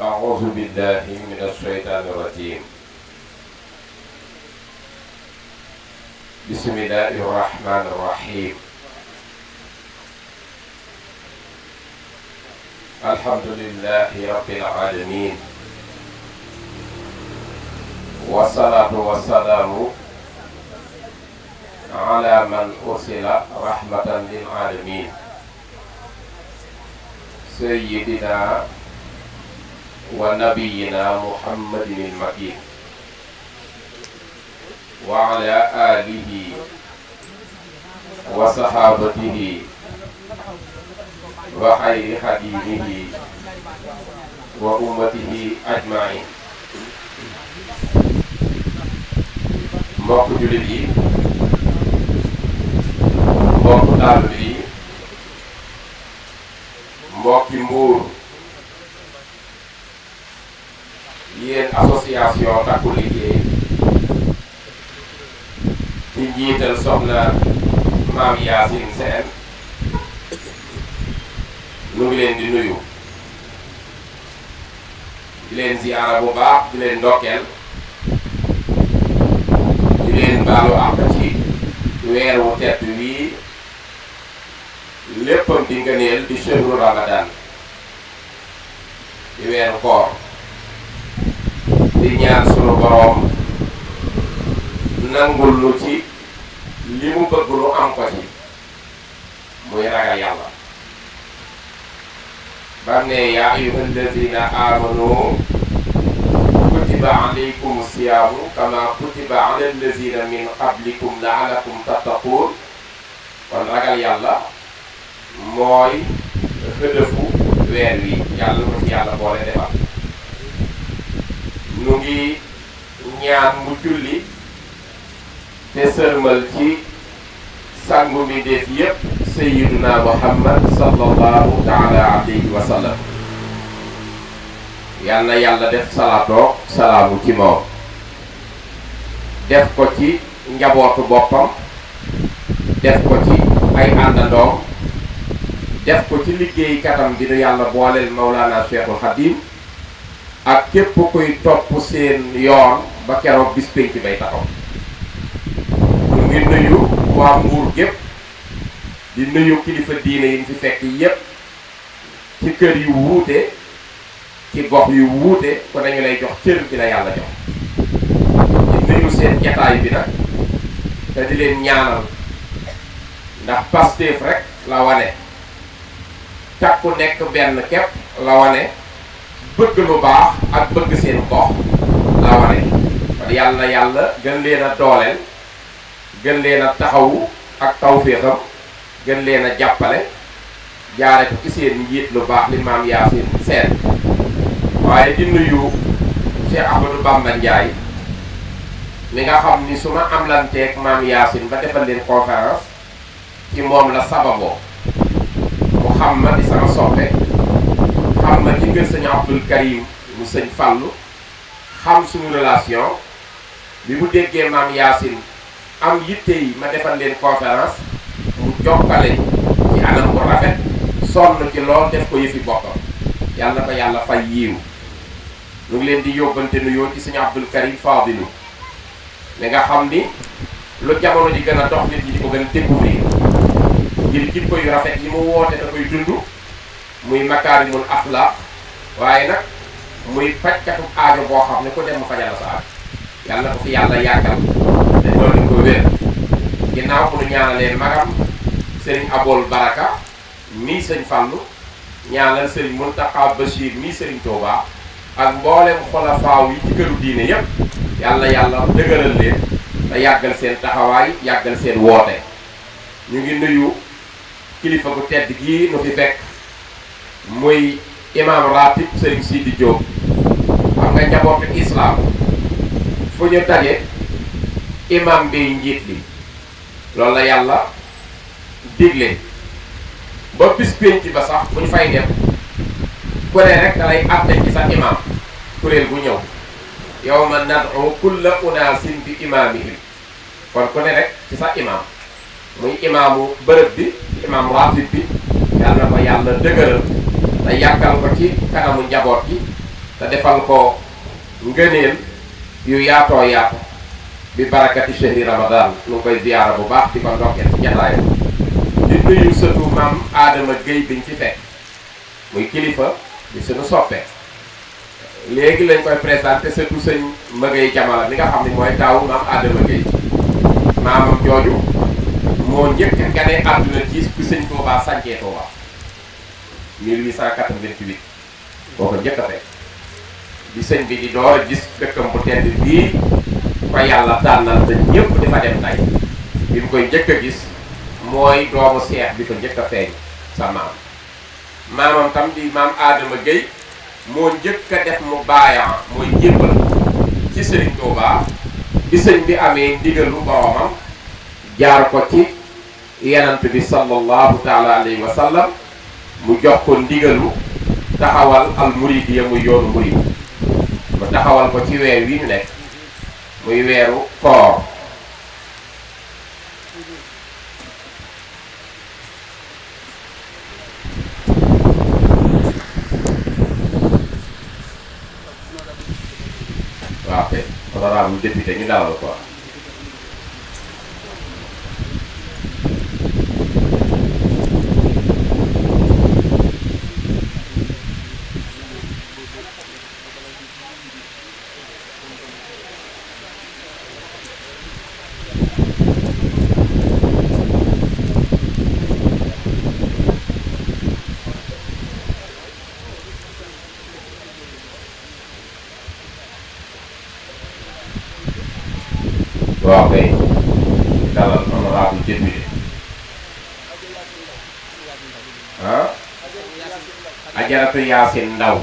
أعوذ بالله من الشيطان الرجيم بسم الله الرحمن الرحيم الحمد لله رب العالمين والصلاة والسلام على من أرسل رحمة للعالمين سيدنا wa nabiyina muhammadin al-makin wa ala alihi wa sahabatihi wa xayri xadimihi wa ummatihi ajmain mbokk jullit yi mbokk taalibe yi mbokki yéen association takku ci jiital soxna maam Yacine Sène ñu ngi leen di nuyu di leen ziyaara bu baax di leen ndokkeel di leen baalu àq ci weer wu wii léppam di ngëneel di shahru Ramadan di weeru koor di ñaan sunu boroom nangul lu ci li mu bëgg am ko ci muy ragal yàlla bam ne yaa ayyuha alladina amanu kutiba alaykum siyaamu kama kutiba ala alladina min qablikum laalakum tattaqun kon ragal yàlla mooy xëdëfu weer wi yàlla ko ci yàlla boole defal mu ngi ñaan mu julli te sërmal ci sangu mi def yépp sayyiduna muhammad sallallahu taala alayhi wa sallam yàlla def salaatoo salaamu ci moom def ko ci njabootu boppam def ko ci ay àndandoom def ko ci liggéeykatam bi nu yàlla booleel Mawlana Cheikhul Khadim ak képp kuy topp seen yoon ba keroog bis bay taxaw ñu ngi nuyu waa Mbuur gépp di nuyu kilifa diine yi ñu fi fekk yépp ci kër yu wuute ci gox yu wuute ko dañu lay jox cër bi la yàlla jox di nuyu seen jataay bi nag te di leen ñaanal ndax Pastef rek la wane takku nekk benn képp la wane bëgg lu baax ak bëgg seen gox la wane yàlla yàlla gën leen a dooleel gën leen a taxawu ak tawféexam gën leen a jàppale jaare ko ci seen njiit lu baax li maam Yaasin seen waaye di nuyu Cheikh Ahmadou Bamba Ndiaye nga xam ni su ma am lanteeg maam Yaasin ba defal leen conférence ci moom la sababoo mu xam ma di sama soppe xam na ci kër sëñ Abdul Karim mu sëñ Fallou xam suñu relation bi mu déggee maam Yaasin am yitte yi ma defal leen conférence mu jokkale ci anam bu rafet sonn ci lool def ko yëfi boppam yàlla ko yàlla fay yiiw ñu ngi leen di yóbbante nuyoo ci sëñ Abdul Karim Fadilu li nga xam ni lu jamono ji gën a dox nit ñi di ko gën a découvrir ngir jikko yu rafet yi mu woote da koy dund muy makaarimul axlaaq waaye nag muy fajkatu aajo boo xam ne ku dem ma fajal sa aajo yàlla ko fi yàlla yàggal te doon ko wér ñaanalee magam sëriñ abool baraka mii sëñ Fallu ñaanal sëriñ Muntaxa Bachir mii sëriñ Touba ak mboolem xolafaaw yi ci këru diine yépp yàlla yàlla dëgëral leen te yàggal seen taxawaay yàggal seen woote ñu ngi nuyu kilifa gu tedd gii nu fi fekk muy imam ratib sëriñ Sidi Diop xam nga njabootu islaam fu ñu daje imam bi njiit li loolu la yàlla digle ba bis pénc ba sax bu ñu fay dem ku rek da lay àtte ci sa imam kuréel bu ñëw yawma nad'u kulla unaasin bi imaamihim kon ku rek ci sa imam muy imaamu bërëb bi imam ratib bi yàlla na yàlla dëgëral te yàkkal ko ci kanamu njaboot gi te defal ko ngëneel yu yaatoo yaatu bi barakati shahri ramadan nu koy ziyaara bu baax di ko ndokkeel ci jataayam di nuyu sëtu maam Adama Guèye biñ ci fekk muy kilifa di suñu soppee léegi lañ koy présenté sëtu sëñ Magay Jamala mi nga xam ne mooy taawu maam Adama Guèye maamam jooju moo njëkk gane àdduna ci bi sëñ Tuubaa sàncee Tuubaa 1888 boo ko njëkk a fekk di bi di door gis dëkkam bu tedd bii ko yàlla tànnal te ñëpp di fa dem tey bi mu koy jëkk a gis mooy doomu seex bi ko njëkk a feeñ sa maam maamam tam di maam Adama Gueye moo njëkk a def mu baayam mooy jébbal ci sëriñ Touba bi bi amee ndigalu boromam jaar ko ci yenant bi sallallahu taala alayhi mu jox ko ndigalu taxawal al muridiya mu yoonu murid mu taxawal ko ci weer wi ñu nekk muy weeru koor waaw kay honorable député ñu dalal quoi Ajaratu Yacine Ndao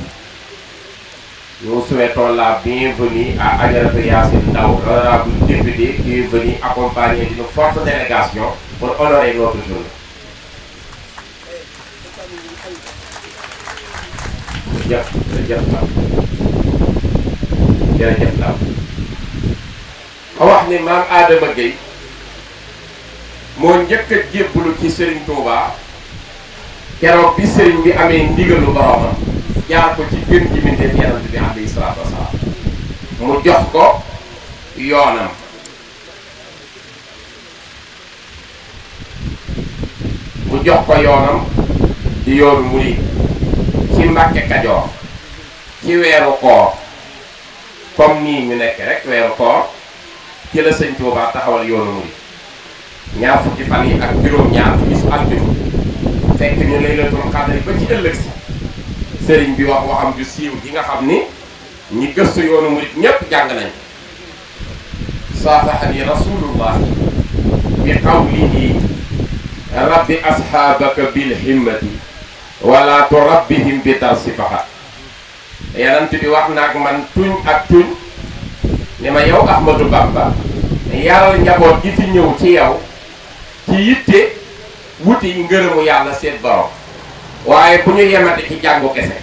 nous souhaitons la bienvenue à Ajaratu Yacine Ndao honorable député qui est venu accompagner d'une forte délégation pour honorer notre journée. jërëjëf jërëjëf Ndao jërëjëf Ndao ma wax ni maam Adama Gueye moo njëkk a ci Serigne Touba. keroog bi sëriñ bi amee ndigalu boroomam jaar ko ci gën ji mindeef yonent bi alayhi salaatu wasalaam mu jox ko yoonam mu jox ko yoonam di yoonu murid ci Mbàkke Kajoor ci weeru koor comme nii ñu nekk rek weeru koor ci la sëñ Tuubaa taxawal yoonu murid ñaar fukki fan yi ak juróom-ñaar bis àjjuma fekk ñu laylatul xadri ba ci ëllëg si sëriñ bi wax waxam bi siiw gi nga xam ni ñi gëstu yoonu murit ñépp jàng nañ saafaxani rasulullah bi qawlihi rabbi asxaabaka bil himmati wala turabbihim bi tarsifaxa yanant bi wax naag man tuñ ak tuñ ni ma yow Ahmadou Bamba yaral njaboot gi fi ñëw ci yow ci yitte wuti ngërëmu yàlla seen borom waaye bu ñu yemate ci jàngu kese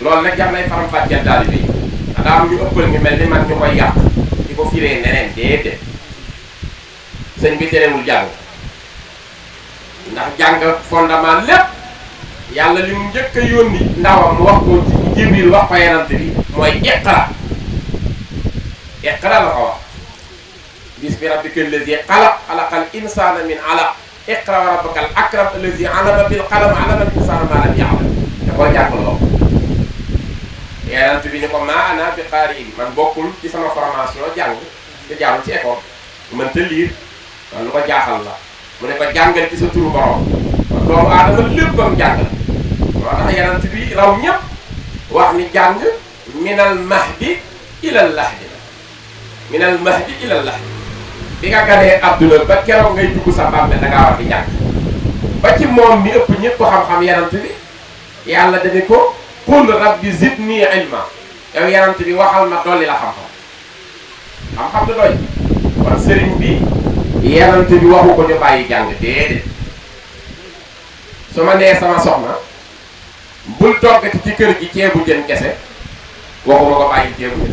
loolu nag jam lay faram fàcceel daal bi daa am ñu ëppal ñu mel ni man ñu koy yàq di ko firee neneen déedéet sëñ bi terewul jàng ndax jàng fondement lépp yàlla li mu njëkk a yónni ndawam wax ko Jibril wax ko yenant bi mooy iqra iqra la ko wax bis bi rabbikal lazi xalaq xalaqal insaana min alaq اقرا ربك الاكرم الذي علم بالقلم علم الانسان ما yang يعلم داكو جاكلو يانت بي نيكو ما انا بقارئ من بوكول في سما فورماسيون جانغ ci jaamu ci école man te lire lu ko jaaxal la mu ne ko jàngal ci sa turu borom doomu aadama léppam jàng la moo tax yanant bi raw ñëpp wax ni mahdi lahdi mahdi lahdi bi nga ganee adduna ba keroog ngay dugg sa bàmmeel da ngaa war di jàng ba ci moom mi ëpp ñëpp xam-xam yarant bi yàlla dane ko qul rabbi zidni ilma yow yarant bi waxal ma dolli la xam-xam xam-xam du doy kon sëriñ bi yarant bi waxu ko ñu bàyyi jàng déedéet su ma nee sama soxna bul toggati ci kër gi ceebu jën kese waxuma ko bàyyi ceebu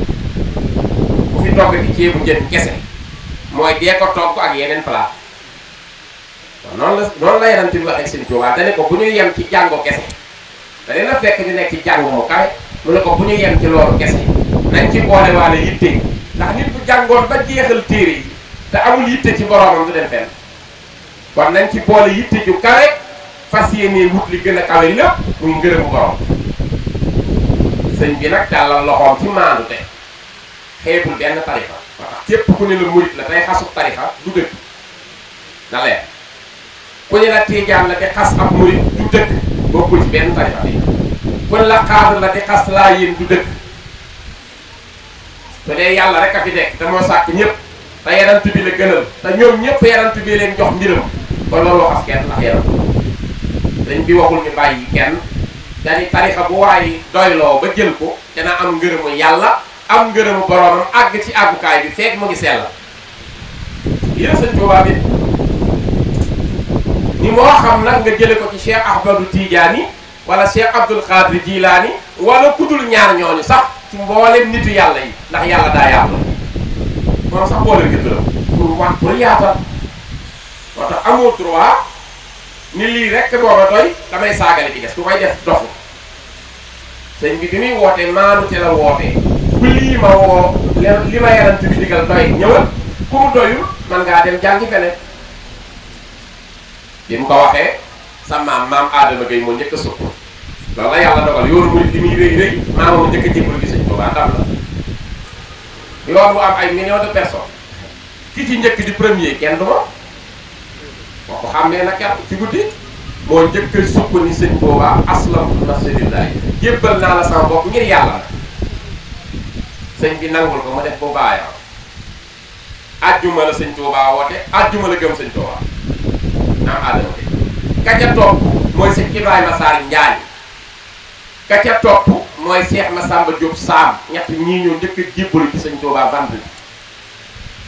bu fi toggati ceebu jën kese mooy dee ko togg ak yeneen plat waaw noonu la noonu la yaram tamit ak seen Tuubaa dane ko bu ñu yem ci jàngoo kese da leen fekk ñu nekk ci jàngu mu kawe mu ne ko bu ñu yem ci loolu kese nañ ci boole waale yitte ndax nit bu jàngoon ba jeexal téere yi te amul yitte ci boroomam du dem fenn kon nañ ci boole yitte ju kawe fas yéenee wut li gën a kawe lépp muy ngërëmu borom sëñ bi nag tàllal loxoom ci maandu te xeebul benn tarifa képp ku ne la murit la day xasub tarixa du dëkk na leer ku ne la tiijaan la di xas ab murit du dëkk bokkul ci benn tarixa bi kon la xaadar la di xas laa yéen du dëkk te dee yàlla rek a fi nekk te moo sàkk ñëpp te yarant bi la gënal te ñoom ñëpp yarant bi leen jox mbiram kon loolu xas kenn ndax yarant dañ bi waxul ñu bàyyi kenn dañi tarixa bu waaye doyloo ba jël ko dana am ngërëmu yàlla am ngërëmu boromam ag ci àggukaay bi fek mo ngi sel ya sëñ Tuubaa bi ni mo xam nak nga jële ko ci Cheikh Ahmadou tidiani wala Cheikh Abdoul Khadir jilani wala kudul ñaar ñooñu sax ci mbolé nitu yalla yi ndax yàlla daa yàlla moom sax boole gëdd la pour wat pour yaatal moo tax amoo droit ni li rek do ba doy damay saagale ci dess ku koy def dofu sëñ bi dimi wote manu ci la wote lii ma woo li ma yaram ci bi doy ñëwal ku mu man ngaa dem jàngi feneen bi mu ko waxee sa maam maam Adama Gueye moo njëkk a loolu la yàlla dogal yoonu murid di muy rëy njëkk a jébal gi sëñ Tuubaa ndam yoon bu am ay ci njëkk di premier kenn du boo ko xàmmee na kenn ci guddi moo njëkk a sukk ni sëñ Tuubaa aslam nafsi lillahi jébbal naa la sama bopp ngir yàlla la sëñ bi nangul ko mu def ko baayam ajjuma la sëñ Tuubaa woote ajjuma la gëm sëñ Tuubaa naam Adama ka ca topp mooy sëñ Ibrahima Sarr Njaañ Saam ñett ñii ñoo njëkk a ci sëñ Tuubaa vendredi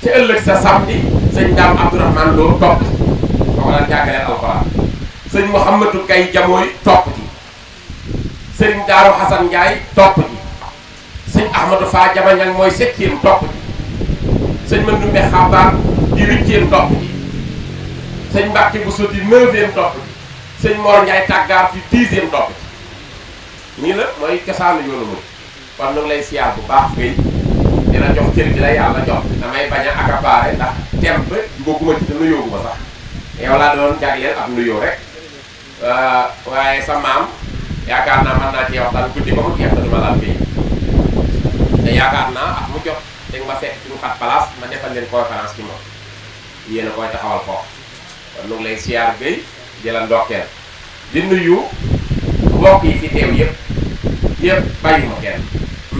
ci ëllëg sa samedi sëñ Daam Abdourahmane Lo topp ba ko daan alxuraan sëñ Mouhamadou Gaye Jamooy topp ci sëñ Daaru Xasan Ndiaye topp ci sëñ Ahmadou Fa Jabañang mooy septième topp ji sëñ Mandoumbe Xabaar di huitième topp ji sëñ Mbàkke Bousso di neuvième topp ji sëñ Mor Ndiaye Tàggaar di dixième topp ji nii la mooy cosaanu yoonu mooy kon nu lay siyaar bu baax ngay dina jox cër bi la yàlla jox damay bañ a accaparer ndax thème ba bëgguma ci te nuyoo gu ma sax yow laa doon jagleel ab nuyoo rek euh, waaye sa maam yaakaar naa mën naa ci waxtaan guddi ba mu jeex te du ma laal yaakaar naa ak mu jot dañ ma fekk ci mu xat place ma defal leen conférence ci moom yéen a koy taxawal foofu kon nu ngi lay siyaar Guèye di la ndokkeel di nuyu mbokk yi fi teew yëpp yëpp bàyyi ma kenn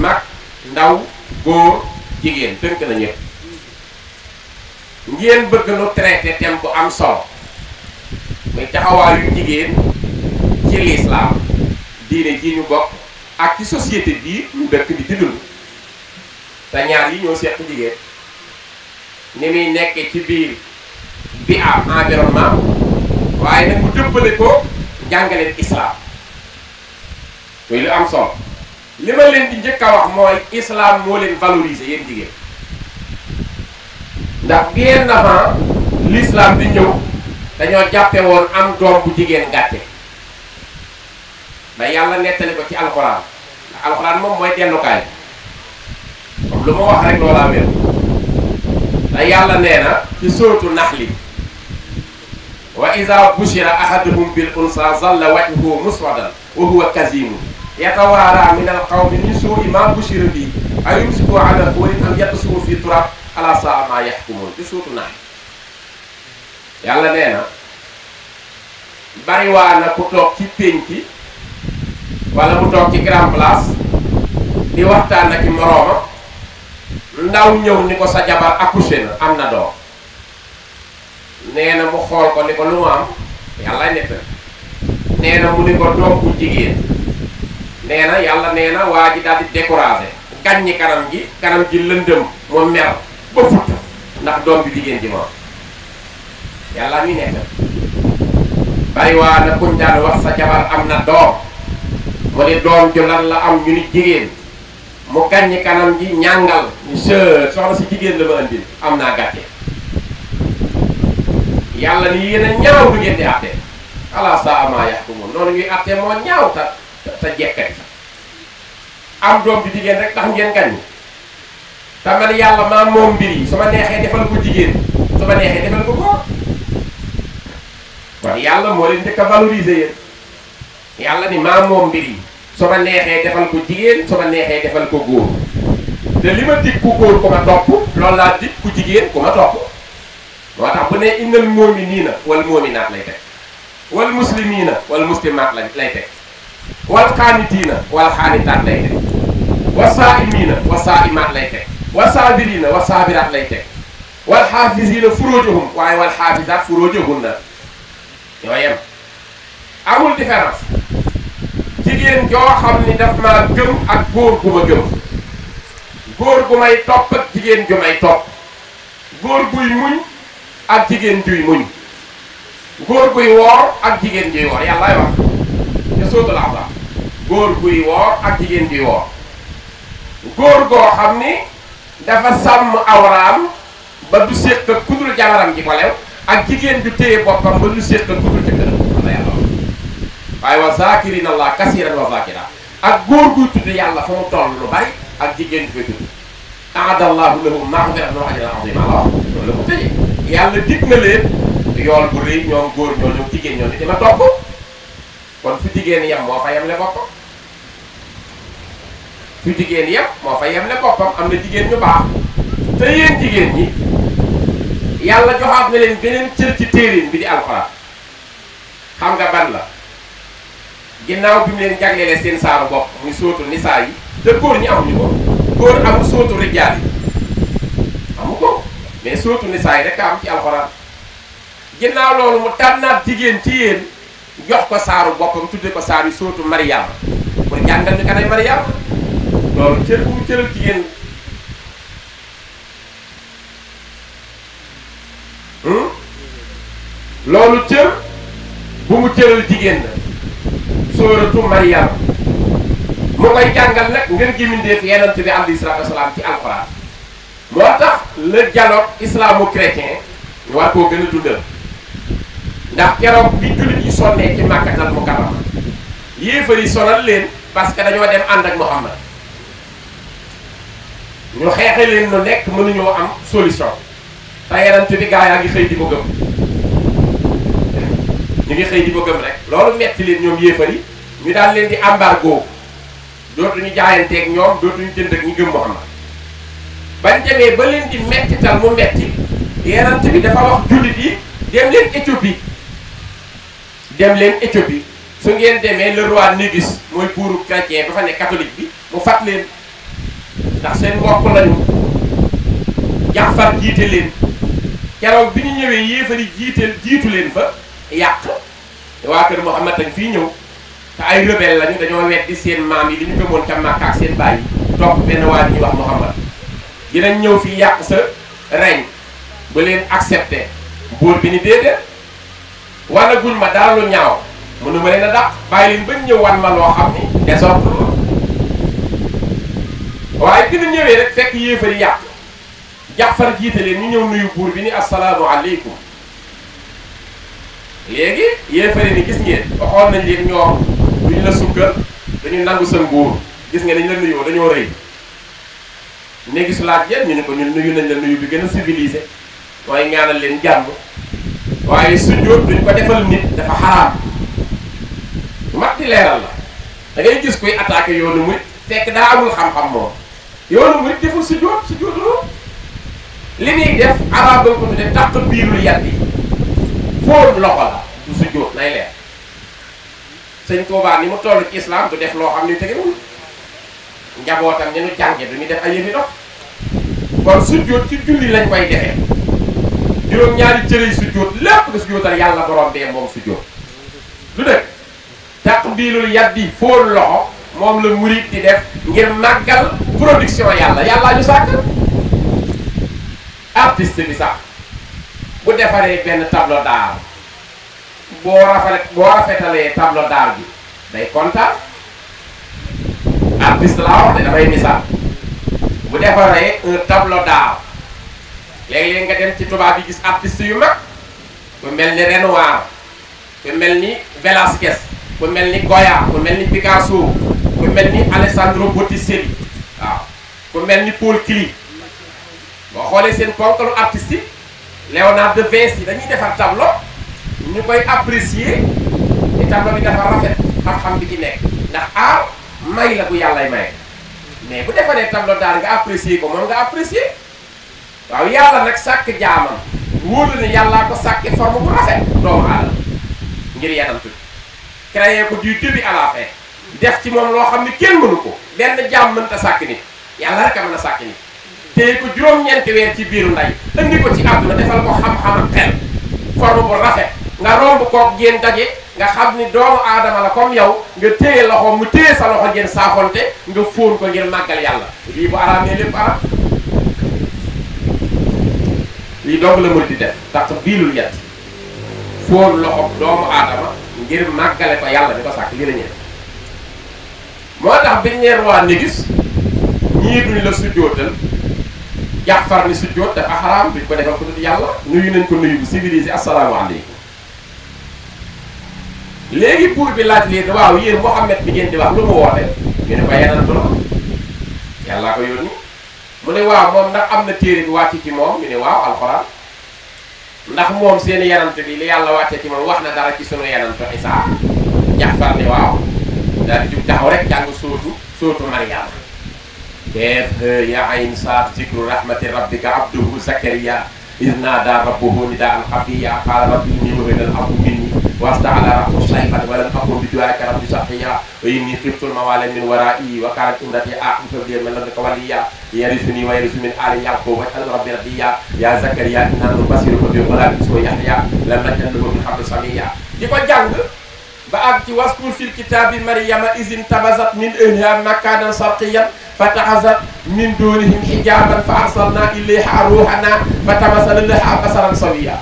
mag ndaw góor jigéen tënk na ñëpp ngeen bëgg nu traité thème bu am solo muy taxawaayu jigéen ci lislaam diine ji ñu bokk ak ci société bii ñu dëkk bi di dund te yi ñoo seq jigéen ni muy nekkee ci biir bi am environnement waaye nag mu dëppale ko jàngale islaam muy lu am solo li ma leen di njëkk a wax mooy islaam moo leen valoriser yéen jigéen ndax bien avant l'islam di ñëw dañoo jàppe am doom bu jigéen gàtte ba yàlla nettali ko ci alxuraan ndax alxuraan moom mooy dellukaay لما واخ رك لولا مير لا يالا نينا في سوره النحل واذا بشر احدهم بالانثى ظل وجهه مسودا وهو كظيم يتوارى من القوم من سوء ما بشر به ايمسك على الكون ام يقصه في تراب على ساعة ما يحكمون في سوره النحل يالا نينا bari wa na ko tok ci penki wala mu tok ci grand place di waxtan ak moroma ndaw ñëw ni ko sa jabar accouché na am na doom nee na mu xool ko ni ko lu mu am yàlla nekk nee mu ni ko doom bu jigéen nee na yàlla nee na waa ji daal di découragé gàññi kanam gi kanam gi lëndëm mu mer ba futt ndax doom bi jigéen ji ma yàlla mi nekk bari waa na wax sa jabar am na doom mu ni doom ju lan la am ñu ni jigéen mo gagné kanam gi ñangal ñu soxna ci jigen la ba andil amna gatte yalla ni yena a ñaaw lu ngeen di àtte ala sa ama yahkum non ñuy atté mo ñaaw ta ta jekkati am doom bi jigéen rek tax ngeen gagné ta man yalla ma mom bir yi su ma defal ko jigen sama nexé defal ko ko kon yàlla moo leen njëkk ka valoriser yalla ni ma mom bir yi su ma neexee defal ko jigéen su ma neexee defal ko góor te li ma dig ku góor ku ma topp loolu laa dig ku jigéen ku ma topp moo tax bu ne innal mu'minina wal mu'minat lay teg wal muslimina wal muslimat lañ lay teg wal xaanitiina wal xaanitaat lay teg wa saa'imiina wa saa'imaat lay teg wa saabiriina wa saabiraat lay teg wal xaafisiina furuujahum waaye wal xaafisaat furuujahunna ñoo yem amul différence jigéen joo xam ni daf maa gëm ak góor gu ma gëm góor gu may topp ak jigéen ju may topp góor guy muñ ak jigéen juy muñ góor guy woor ak jigéen juy woor góor guy goo xam ni dafa sàmm awraam ba du séq ak kudul jabaram ji ko ak jigéen ju téye boppam ba du séq ak kudul jëkkëram ay wa zakirina allah kaseeran wa zakira ak gor gu tudd yalla fa mu ton lu bari ak jigéen koy tudd allah lahu ma'rifatan wa ajran azima allah lu ko tey yalla dit na le yol bu reey ñom gor ñoo ñu jigen ñoo ni top kon fi jigen yam mo fa yam le boppam fi jigen yam mo fa yam le boppam am na jigen ñu baax te yeen jigen ñi yalla joxat na leen benen ci téerin bi di alquran xam nga ban la ginnaaw bi mu leen jaglelee seen saaru bopp muy sóotu nisaa yi te góor ñi amuñu ko góor amul sóotu rijaal yi amu ko mais sóotu nisaa yi rek am ci alxuraan ginnaaw loolu mu tànnaat jigéen ci jox ko saaru boppam tudde ko saar yi sóotu Mariyaama pour jàngal ñu kanay Mariyaama loolu cër bu mu cëral jigéen hmm? loolu cër bu mu cëral jigéen la suratu Maryam mo ngay jangal nak ngir gi minde fi yenent bi sallallahu alaihi wasallam ci alquran motax le dialogue islamo-chrétien war ko gëna tuddal ndax kéro bi julit yi sonné ci màkkatal mukarrama yéefar yi sonal leen parce que dañu dem and ak Muhammad ñu xéxé leen lu nek mënu mënuñoo am solution te yenent bi gaa yaa ngi di ko gëm ñu ngi xëy di ko rek loolu metti leen ñoom yéefar ñu daal leen di embargo dootuñu jaayanteeg ñoom dootuñu jënd ak ñu gëm Muhammad bañ demee ba leen di mettital mu metti yerant bi dafa wax jullit yi dem leen Éthiopie dem leen Éthiopie su ngeen demee le roi Négus mooy buuru chrétien ba fa ne catholique bi mu fat leen ndax seen mbokk lañu Jaafar jiite leen keroog bi ñu ñëwee yéefari jiite jiitu leen fa yàq te waa kër Muhammad tam fii ñëw te ay rebelle lañu dañoo di seen maam yi li ñu gëmoon ca Makka ak seen baay topp benn waa ñuy wax Muhammad dinañ ñëw fii yàq sa règne ba leen accepté buur bi ni déedéet wala guñ ma dara lu ñaaw mënu leen a dàq bàyyi leen bañ ñëw wan ma loo xam ni désordre la waaye gën ñëwee rek fekk yéefari yàq Jaafar jiite leen ñu ñëw nuyu buur bi ni asalaamu aleykum léegi yéefare ni gis ngeen waxoon nañ leen ñoo duñ la sukkal dañu nangu sa nguur gis nga dañ la nuyoo dañoo rëy néegi su laaj yéen ñu ne ko ñun nuyu nañ la nuyu bi gën a civilisé waaye ñaanal leen jàmm waaye sujjóot duñ ko defal nit dafa xaraam mat leeral la da gis kuy attaqué yoonu murit fekk daa amul xam-xam moom yoonu murit deful sujjóot sujjóot li muy def arabal ko tudde taq biirul yat yi fóon loxo la sujjóot nay leer sëñ Tuubaa ni mu toll ci islam du def loo xam ni tegewul njabootam ni nu jànge du ñu def ay yëfi dox kon sujjóot ci julli lañ koy defee juróom-ñaari cëre yi sujjóot lépp nga sujjóotal yàlla borom bee moom sujjóot lu dëkk taqbiilul yaddi fóon loxo moom la murit di def ngir màggal production yàlla yàllaa ñu sàkk artiste bi sax bu defaree benn tableau d'art boo boo rafetalee tableau d'art bi day kontaan artiste laa wax de dafay misaal bu defaree un tableau d'art léeg-léeg nga dem ci tubaab yi gis artiste yu mag ku mel ni Renoir ku mel ni Velázquez ku mel ni Goya ku mel ni Picasso ku mel ni Alessandro Botticelli waaw ku mel ni Paul Klee boo xoolee seen ponkalu artiste Léonard de yi dañuy defar tablo ñu koy apprécier te tableau bi dafa rafet xam-xam bi ci nekk ndax aar may la bu yàlla yàllay may mais bu defaree tableau daal nga apprécier ko moom nga apprécier waaw yàlla nag sàkk jaamam wóolu ne yàllaa ko sàkki forme bu rafet doomu aadama ngir yanamtu créé ko du début à def ci moom loo xam ne kenn mënu ko benn jaam mënta sàkk nit yàlla rek a mën a sàkk nit téye ko juróom-ñeenti weer ci biiru nday indi ko ci àdduna defal ko xam-xam ak xel forme bu rafet nga romb koog ngeen daje nga xam ni doomu aadama la comme yow nga téye loxo mu téye sa loxo ngeen saafonte nga fóon ko ngir màggal yàlla lii bu araamee lépp araam lii doog la mën di def tax biilul yett fóon loxo doomu aadama ngir màggale ko yàlla bi ko sàkk la ñeen moo tax biñ ñeen waa négis ñii duñ la sujjootal jaafar ni sujjóot dafa xaraam duñ ko defal ko dut yàlla nuyu nañ ko nuyu bu civilisé asalaamaaleykum léegi buur bi laaj lii waaw yéen Mouhamed bi ngeen di wax lu mu woote ñu ne ko yeneen la yàllaa ko yónni mu ne waaw moom ndax am na téere bi wàcc ci moom ñu ne waaw alxuraan ndax moom seen yenante bi li yàlla wàcce ci moom wax na dara ci sunu yenantu Isaa Jaafar ne waaw daal di jug taxaw rek jàng sóotu sóotu Mariyaama كيف يا عين صاد ذكر رحمة ربك عبده زكريا إذ نادى ربه نداء خفيا قال ربي إني وهن الأرض مني وأصدع على رأس شيخا ولم أكن بدعائك رب شقيا وإني خفت الموالى من ورائي وكانت امرتي آخر لي من لدنك وليا يرثني ويرث من آل يعقوب واجعل ربي رضيا يا زكريا إنا نبصرك بغلام اسمه يحيى لم نجعل له من قبل سميا ديكو جانغ باغتي واسكول في الكتاب مريم اذن تبزت من انهار مكانا شرقيا فتحزت من دونهم حجابا فارسلنا اليها روحنا فتبزل لها بصرا سويا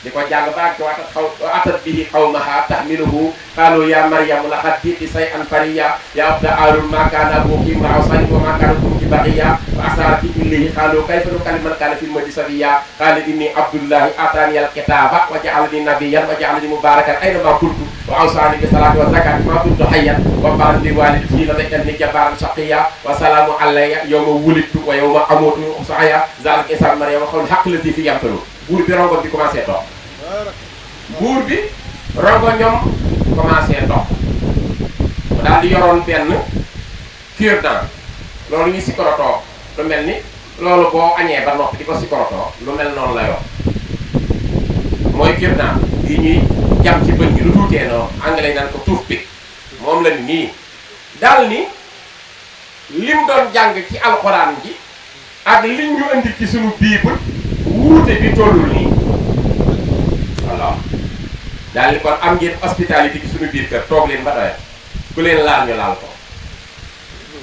di ko jàng baag ci waatat xaw atat bihi xawmaha tahmiluhu qaalu ya maryamu laqad ji'ti shay'an fariya ya ukhta aarun ma kaana abuki imra'a sawin wa ma kaanat ummuki baghiya fa asharat bi ilayhi qaalu kayfa nukallimu man kaana fil mahdi sabiyya qaala inni abdullahi ataani al-kitaaba wa ja'alani nabiyyan wa ja'alani mubarakan aynama kuntu wa awsaani bi salaati wa zakaati ma dumtu hayyan wa barran bi waalidati lam yajalni jabbaaran shaqiyya wa salaamun alayya yawma wulidtu wa yawma amuutu wa yawma uhyaa zaalika ismu maryama qawlul haqqi llazii fiihi yamtaruun buur bi rongoñ bi commencé dox bour bi rongoñam commencé dox mu dal di yoroon benn cure-dent loolu ñu sikorotoo lu melni lolu bo boo ba noppi di ko sikorotoo lu mel non la yor moy cure-dent yi ñi jam ci bët gi lu tuté no anglais naan ko toothpick mom la ni dal ni lim doon jang ci alcorane ji ak liñ ñu andi ci suñu bible wuté bi tollu ni wala dal ko am ngeen hospitalité ci suñu biir kër tok leen ba doyal ku leen laal ñu laal ko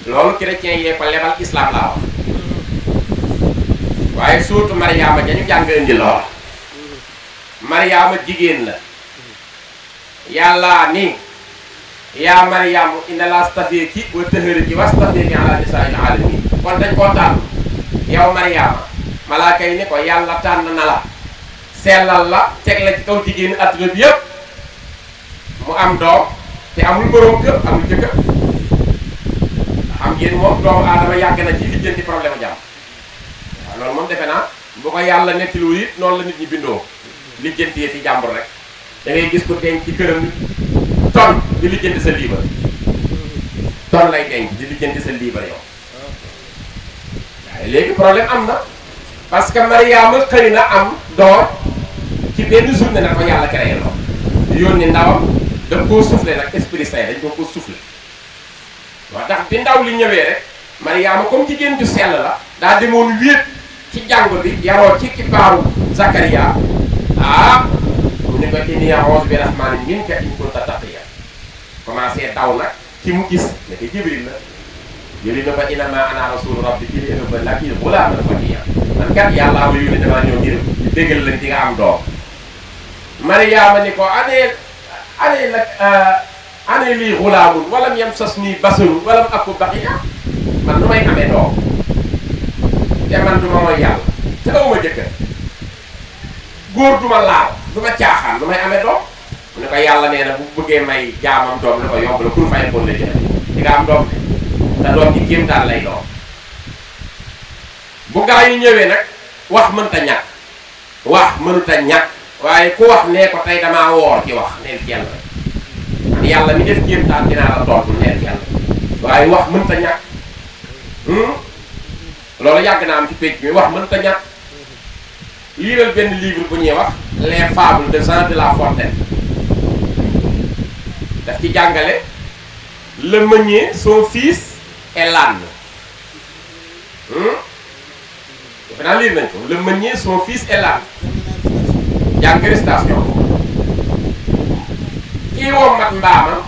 lolu chrétien yé ko lebal islam la wax waaye surtout maryama dañu ñu jàng indi lool Mariama jigéen la yalla ni ya maryam inna la stafee wa tahriki wa ala nisaa alamin kon dañ tan yow maryama malaaka yi ne ko yàlla tànn na la sellal la teg la ci kaw jigéen adduna bi yëpp mu am doom te amul borom kër amul jëkkër am yéen moom doomu aadama yàgg na ci lijjanti problème a jàmm loolu moom defe naa bu ko yàlla nettiloo yi noonu la nit ñi bindoo lijjanti yi ci jàmbur rek da ngay gis ko denc ci këram ton di lijjanti sa liibar ton lay denc di lijjanti sa liibar yow waaye léegi problème am na parce que Mariama xëy na am door ci benn journée na ko yàlla créé lool yónni ndawam da koo soufflé nag esprit saint dañ ko ko soufflé waaw ndax bi ndaw li ñëwee rek Mariama comme jigéen ju sell la daa demoon wéet ci jàng bi yaroo ci kibaaru Zakaria ah mu ne ko inni a'uuzu bi rahmaani minka in kunta taqiyya commencé daw nag ki mu gis ne ko Jibril yéen a fa innamaa ana rasuulu rabbi kii yéen a fa lakki xulaaman man kat yàlla am yu ne damaa ñëw ngir déggal la ci nga am doom. Mariyaama ni ko anee anee eh, lii xulaamun walam yamsasnii basarun walam aku baghiya man nu may doom te man du ma mooy te awuma jëkkër góor du ma laal du caaxaan du may doom mu ne ko yàlla nee na bu may jaamam doom ne ko yomb la pour fay bon la jëkkër di doom te doom ji kéemtaan lay doon bu gaa yu ñëwee nag wax mënta ñàkk wax mënta ñàkk waaye ku wax nee ko tey damaa woor ci wax neel ci yàlla man yàlla mi def kéemtaan dinaa la tontu neel ci wax mënta ñàkk loolu yàgg naa am ci pénc mi wax mënta ñàkk liiral benn livre bu ñuy wax les fables de Jean de La Fontaine daf ci jàngale le meunier son fils Elan. Hmm? Le meunier, son fils Elan. jàngiri station kii woom mag mbaamam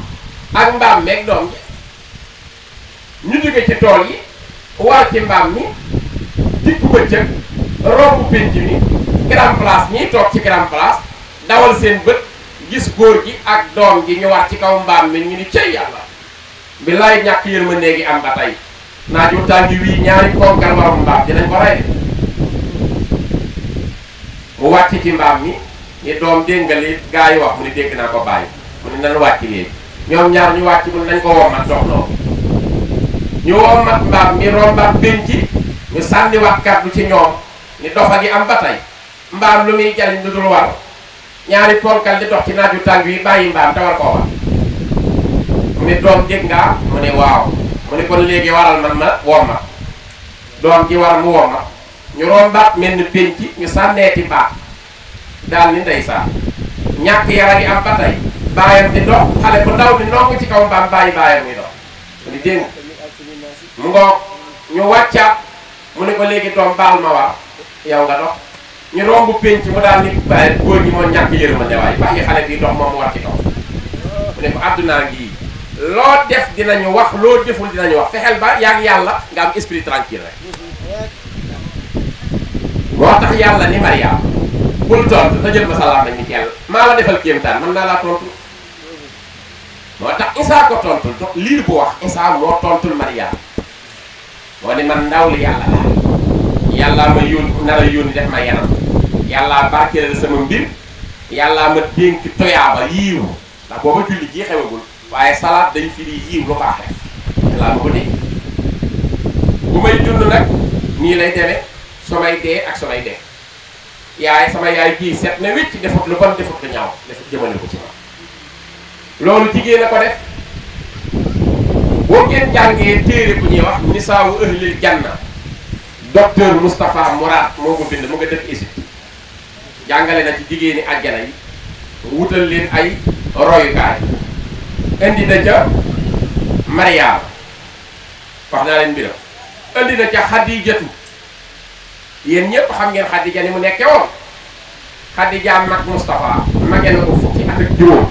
ak mbaam meeg doom ñu jóge ci tool yi ci mi dikk bëccëg romb pénc mi grand place ñiy toog ci grand place dawal seen bët gis góor gi ak doom gi ñu war ci kaw mbaam mi ñu ni bi laay ñàkk ma gi am ba tey naaj wu tàng wii ñaari konkar waram mbaam dinañ ko rey de mu wàcc ci mbaam mi ni doom dégg nga li gaa yi wax mu ni dégg naa ko bàyyi mu ni nan wàcc léegi ñoom ñaar ñu wàcc mu nañ ko wommat soxnoo ñu wommat mbaam mi rombaat pénc ñu sànniwaat kàddu ci ñoom ni dofa gi am mbaam lu muy jariñ lu dul war ñaari ponkal di dox ci naaj wu wi bàyyi mbaam te war koo ne doom jëg ngaa mu ne waaw mu ne kon léegi waral man ma wom ma doom ji war mu wom ma ñu rombaat mel ni pénc ñu sànneeti baat daal ni gi am ba tey baayam di dox xale bu ndaw bi ndong ci kaw mbaam bàyyi baayam muy dox mu ni dégg mu ngoog ñu wàccaat ne ko léegi doom baal ma waa yow nga dox ñu romb pénc mu daal ni baay góor gi moo ñàkk ne waay bàyyi xale bi dox moom war ci kaw mu ne ko àddunaa ngii lo def dinañu wax lo deful dinañu wax fexel ba yaak yalla nga am esprit tranquille rek moo tax yàlla ni maria bul tont da jël ma salam dañu kel ma la defal kiyam tan man laa tontu moo tax isa ko tontul donc liir bu wax isa moo tontul maria mo ni man ndaw li yàlla la yàllaa ma yoon na la yoon def ma yanam yalla barkel sama mbir yalla ma denk toyaba yiwu da bobu julli ji xewagul waaye salaat day firi yiw lu baax rek te laa ko dégg bu may dund nag nii lay deme samay dee ak samay dee yaay sama yaay bii set na wécc defut lu bon defut lu ñaaw defut jëmale ci ma loolu jigéen a ko def boo ngeen jàngee téere bu ñuy wax nisaawu ahlil janna docteur Moustapha Mourad moo ko bind mu nga def Égypte jàngale na ci jigéeni àjjana yi wutal leen ay royukaay indi na ca mariyaama wax naa leen mbiram indi na ca xadijatu yen ñepp xam ngeen khadija ni mu nekké won khadija mak mustafa magé na ko fukki ak juróom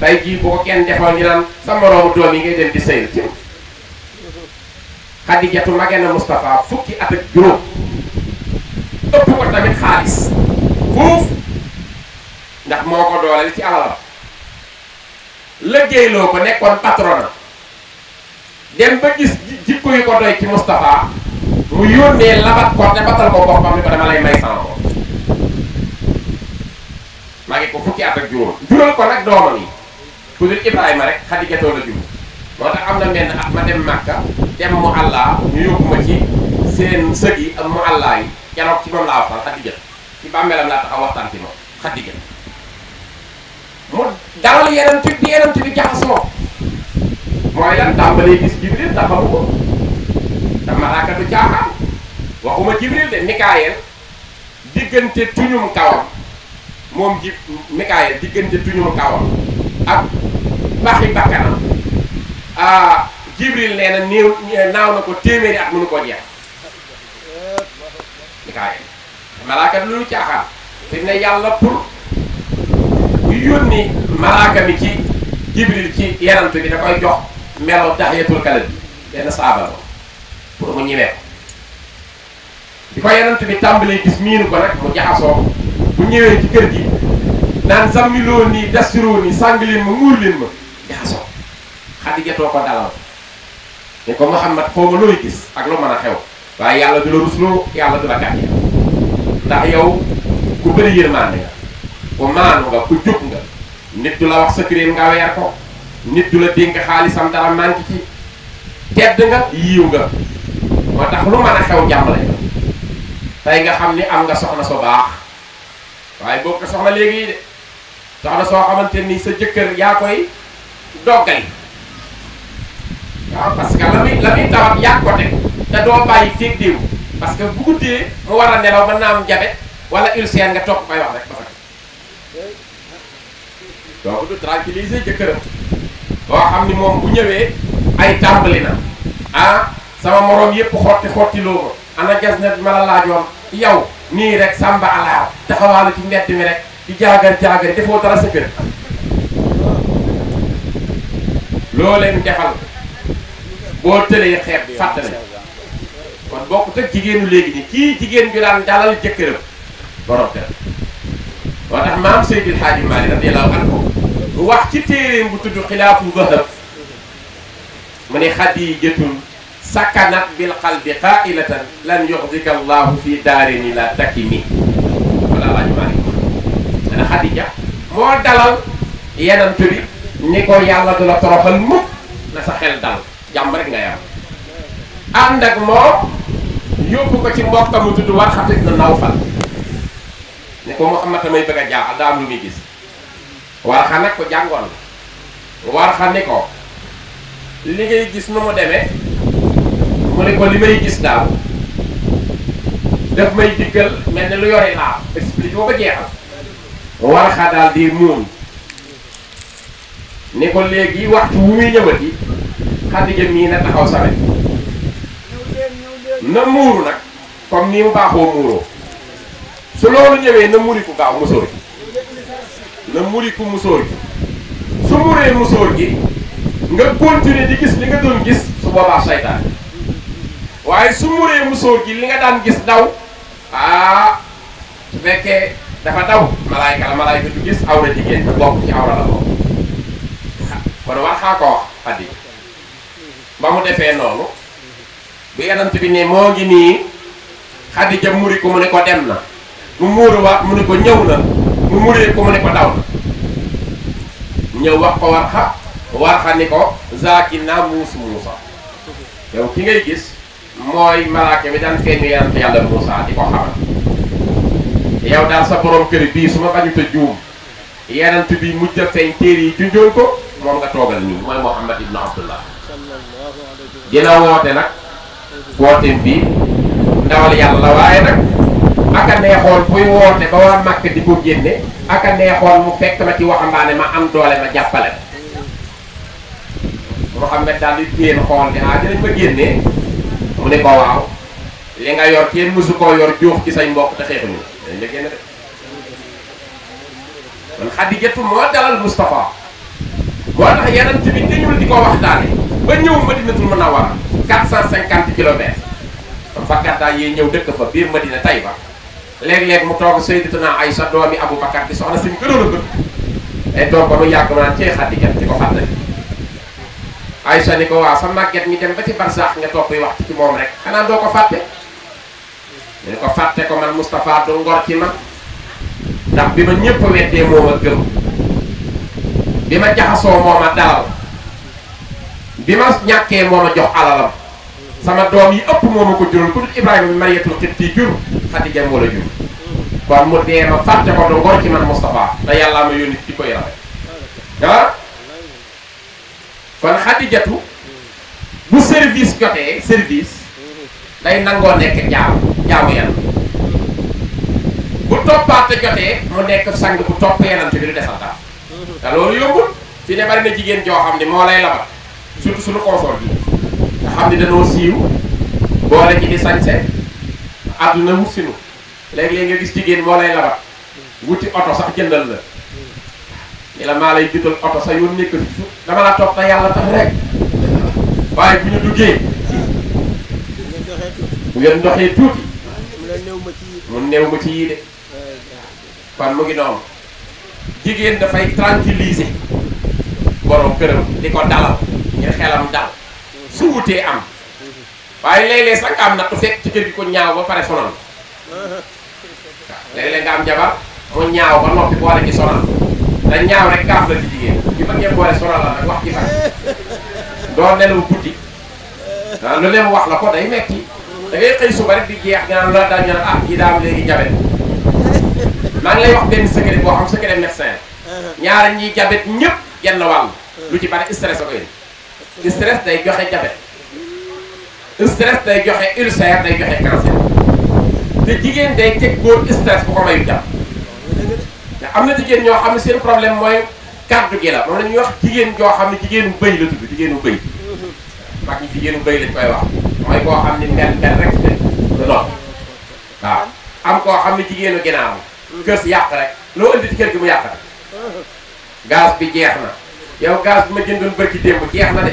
tey ji bu ko kenn defoon ñu naan sa morom doomi ngay dem di seyel ci xadijatu magé na mustafa fukki ak juróom ëpp ko tamit xaaliss fuf ndax moko doole ci alal lëggéeyloo ko nekkoon patronat dem ba gis jikko yu ko doy ci Moustapha mu yónnee labat ko te batal ko boppam ni ko dama lay may sama bopp maa ngi ko fukki at ak juróom jural ko nag doomam yi ku dul Ibrahima rek xadijatoo la jur moo tax am na benn at ma dem Màkka dem mu àllaa ñu yóbbu ma ci seen sëg ak mu àllaa yi keroog ci moom laa waxtaan xadijat ci bàmmeelam laa taxaw waxtaan ci moom xadijat mu dalal yeneen bi yeneen bi jaxas moom mooy lan tàmbalee gis jibril taxawu ko te malaaka du caaxaan waxuma jibril de mikaayel diggante tuñum kawam moom ji mikaayel diggante tuñum kawam ak baxi bakkanam ah, jibril nee na naaw na ko téeméeri at mënu koo jeex mikaayel malaaka du lu caaxaan fi ne yàlla pour yónni malaaka mi ci jibril ci yerant bi da koy jox melo tahiyatul kalbi benn saaba la pour mu ñimee ko di ko bi tàmbalee gis miinu ko nag mu jaxasoo bu ñëwee ci kër gi naan sàmmiloo nii dastiroo nii sàng leen muur leen ma jaxasoo xadijatoo ko dalal ni ko Muhammad xaw ma looy gis ak lu mën a xew waaye yàlla du la rusloo yàlla du la gàcce ndax yow ku bëri yërmande nga ko maanu nga ku jub nga nit dula la wax secret nga wer ko nit dula denk dénk xaalisam dara manqué ci tedd nga yiiw nga moo tax lu mana xew jamale tay nga xamni am nga soxna so bax way bok ko soxna legi de soxna so xamanteni sa jeuker ya koy dogal waaw parce que la muy la muy tawat yaa ko tek da do bàyyi féeg diw parce que bu guddee mo wara nelaw mën na am jabe wala ulcère nga topp bay wax rek donc du tranquilliser jëkkëram boo xam ni moom bu ñëwee ay tàmbali na ah sama moroom yëpp xotti xotti loo ma ana ges net ma la laajoon yow nii rek sàmba alaaw taxawaalu ci mbedd mi rek di jaagar jaagar defoo dara sa kër leen defal boo tëlee xeeb fàttali kon bokkut ak jigéenu léegi nii kii jigéen bi daan dalal jëkkëram borom kër watax maam seydil xaaji maali radiallahu anhu bu wax ci téeréem bu tudd xilaafu zahab mu ne xadiijatun sakanat bil qalbi qailatan lan yuxdika allahu fi daarini la takimi wala xaaji maali ana xadija moo dalal yenant iya bi ni ko yàlla du toroxal mukk na sa xel dal jàmm rek nga yam ànd ak moom yóbbu ko ci mbokkam mu tudd war xatit na nawfal ne ko Muhammad tamay bëgg a jaaxal daa am lu gis Warxa nag ko jàngoon la Warxa ni ko li ngay gis nu mu demee mu ne ko li may gis daal daf may diggal mel ne lu yore laa expliqué ko ba jeexal Warxa daal di muum ne ko léegi waxtu wu muy ñëwati Xadija mii na taxaw sawe na muuru nag comme ni mu baaxoo muuroo su lolu ñëwee na muriku gaaw musóor gi na muriku musóor gi su muree musóor gi nga continuer di gis li nga doon gis su baba shaytan waye su muree musóor gi li nga daan gis daw ah su dapat dafa daw malaika la malaika du gis awra na jigéen te ci awra la bokk kon war xaa ko hadi ba mu defee nonu bi yonent bi ngi ni khadija ne ko dem na mu muuruwaat mu ne ko ñëw na mu muree ko mu ne ko daw na ñëw wax ko warxa warxa ni ko zaaki naa muus muusa yow ki ngay gis mooy malaaka mi daan feeñu yonent yàlla muusa di ko xamal yow daal sa borom kër bii su ma bañu te juum yonent bi mujj a feeñ téere yi junjoon ko moom nga toogal nii mooy Muhammad ibnu Abdullah dina woote nag wooteem bi ndawal yàlla la waaye nag aka neexoon buy woote ba waa makk di ko Akan aka neexoon mu fekk ma ci waxambaane ma am doole ma jàppale Muhammad dal di teen xol ne ah dinañ fa génnee mu ne ko waaw li nga yor teen musu ko yor jóox ci say mbokk ta xeexuñu la génne rek kon khadijatu mo dalal mustafa moo tax ci bi teñul di ko waxtaane ba ñew madinatul munawwar 450 km ba gàddaa yee ñëw dëkk fa biir madina Tayba leg leg mu toog sayyidatuna aisha doomi abou bakkar di soxna si mu gënoon ay doom ba mu yàgg ma naan cee xaddi kenn di ko fàttali Aysa ni ko wa sa màgget mi dem ba ci barzakh nga topp wax ci mom rek xana do ko fatte ni ko fatte ko man Moustapha do ngor ci man ndax bima ñepp wété weddee moom gëm bima jaxaso jaxasoo moom bima ñaké bi jox alalam sama doom yi ëpp moo ma ko jural ku dul Ibrahima bi Mariyatul Qibti jur Xadija moo jur kon mu dee ma fàtte ko du ngor ci man Moustapha te yàllaa ma yónni ci koy rafet ah kon Xadijatu bu service jotee service day nangoo nekk jaam jaamu yàlla bu toppaate jotee mu nekk sang bu topp yenante bi du desal dara te loolu yombul fi ne bari na jigéen joo xam ne moo lay labat surtout suñu consort bi xam ni dañoo siiw boole ci di sañse àdduna mu sinu léeg-léeg nga gis jigéen moo lay labat wuti oto sax jëndal la ni la maa lay jutal oto sa yoon nekk fi dama la toog te yàlla tax rek waaye bu ñu duggee bu ngeen tuuti mun néew ma ci yii de kon mu ngi noonu jigéen dafay tranquilliser borom këram di ko dalal ngir xelam dal su wutee am waaye léeg sa sax nga am nattu fekk ci kër gi ko ñaaw ba pare sonal waaw léeg nga am jabar mu ñaaw ba noppi boole ci sonal te ñaaw rek kaaf la ci jigéen wax ci fan doo nelaw guddi lu leen wax la ko day metti da ngay xëy suba rek di jeex nga naan la daal ñu naan ah kii daam léegi jabet maa ngi lay wax benn secret boo xam secret sa ñaara ñiy jabet ñëpp genn wàll lu ci bari stress a ko stress day joxe diabète stress day joxe ulcère day joxe cancer te jigéen day teg góor stress bu ko mayu jàpp am na jigéen ñoo xam ne seen problème mooy kàddu gi la moom la ñuy wax jigéen joo xam ne jigéenu bëy la tudd jigéenu bëy mag ñi jigéenu bëy lañ koy wax mooy koo xam ne mel mel rek te doon am ko xam ne jigéenu ginaar la kër si yàq rek loo indi ci kër gi mu yàq rek gaz bi jeex na yow gaz bi ma jëndoon bërki démb jeex na de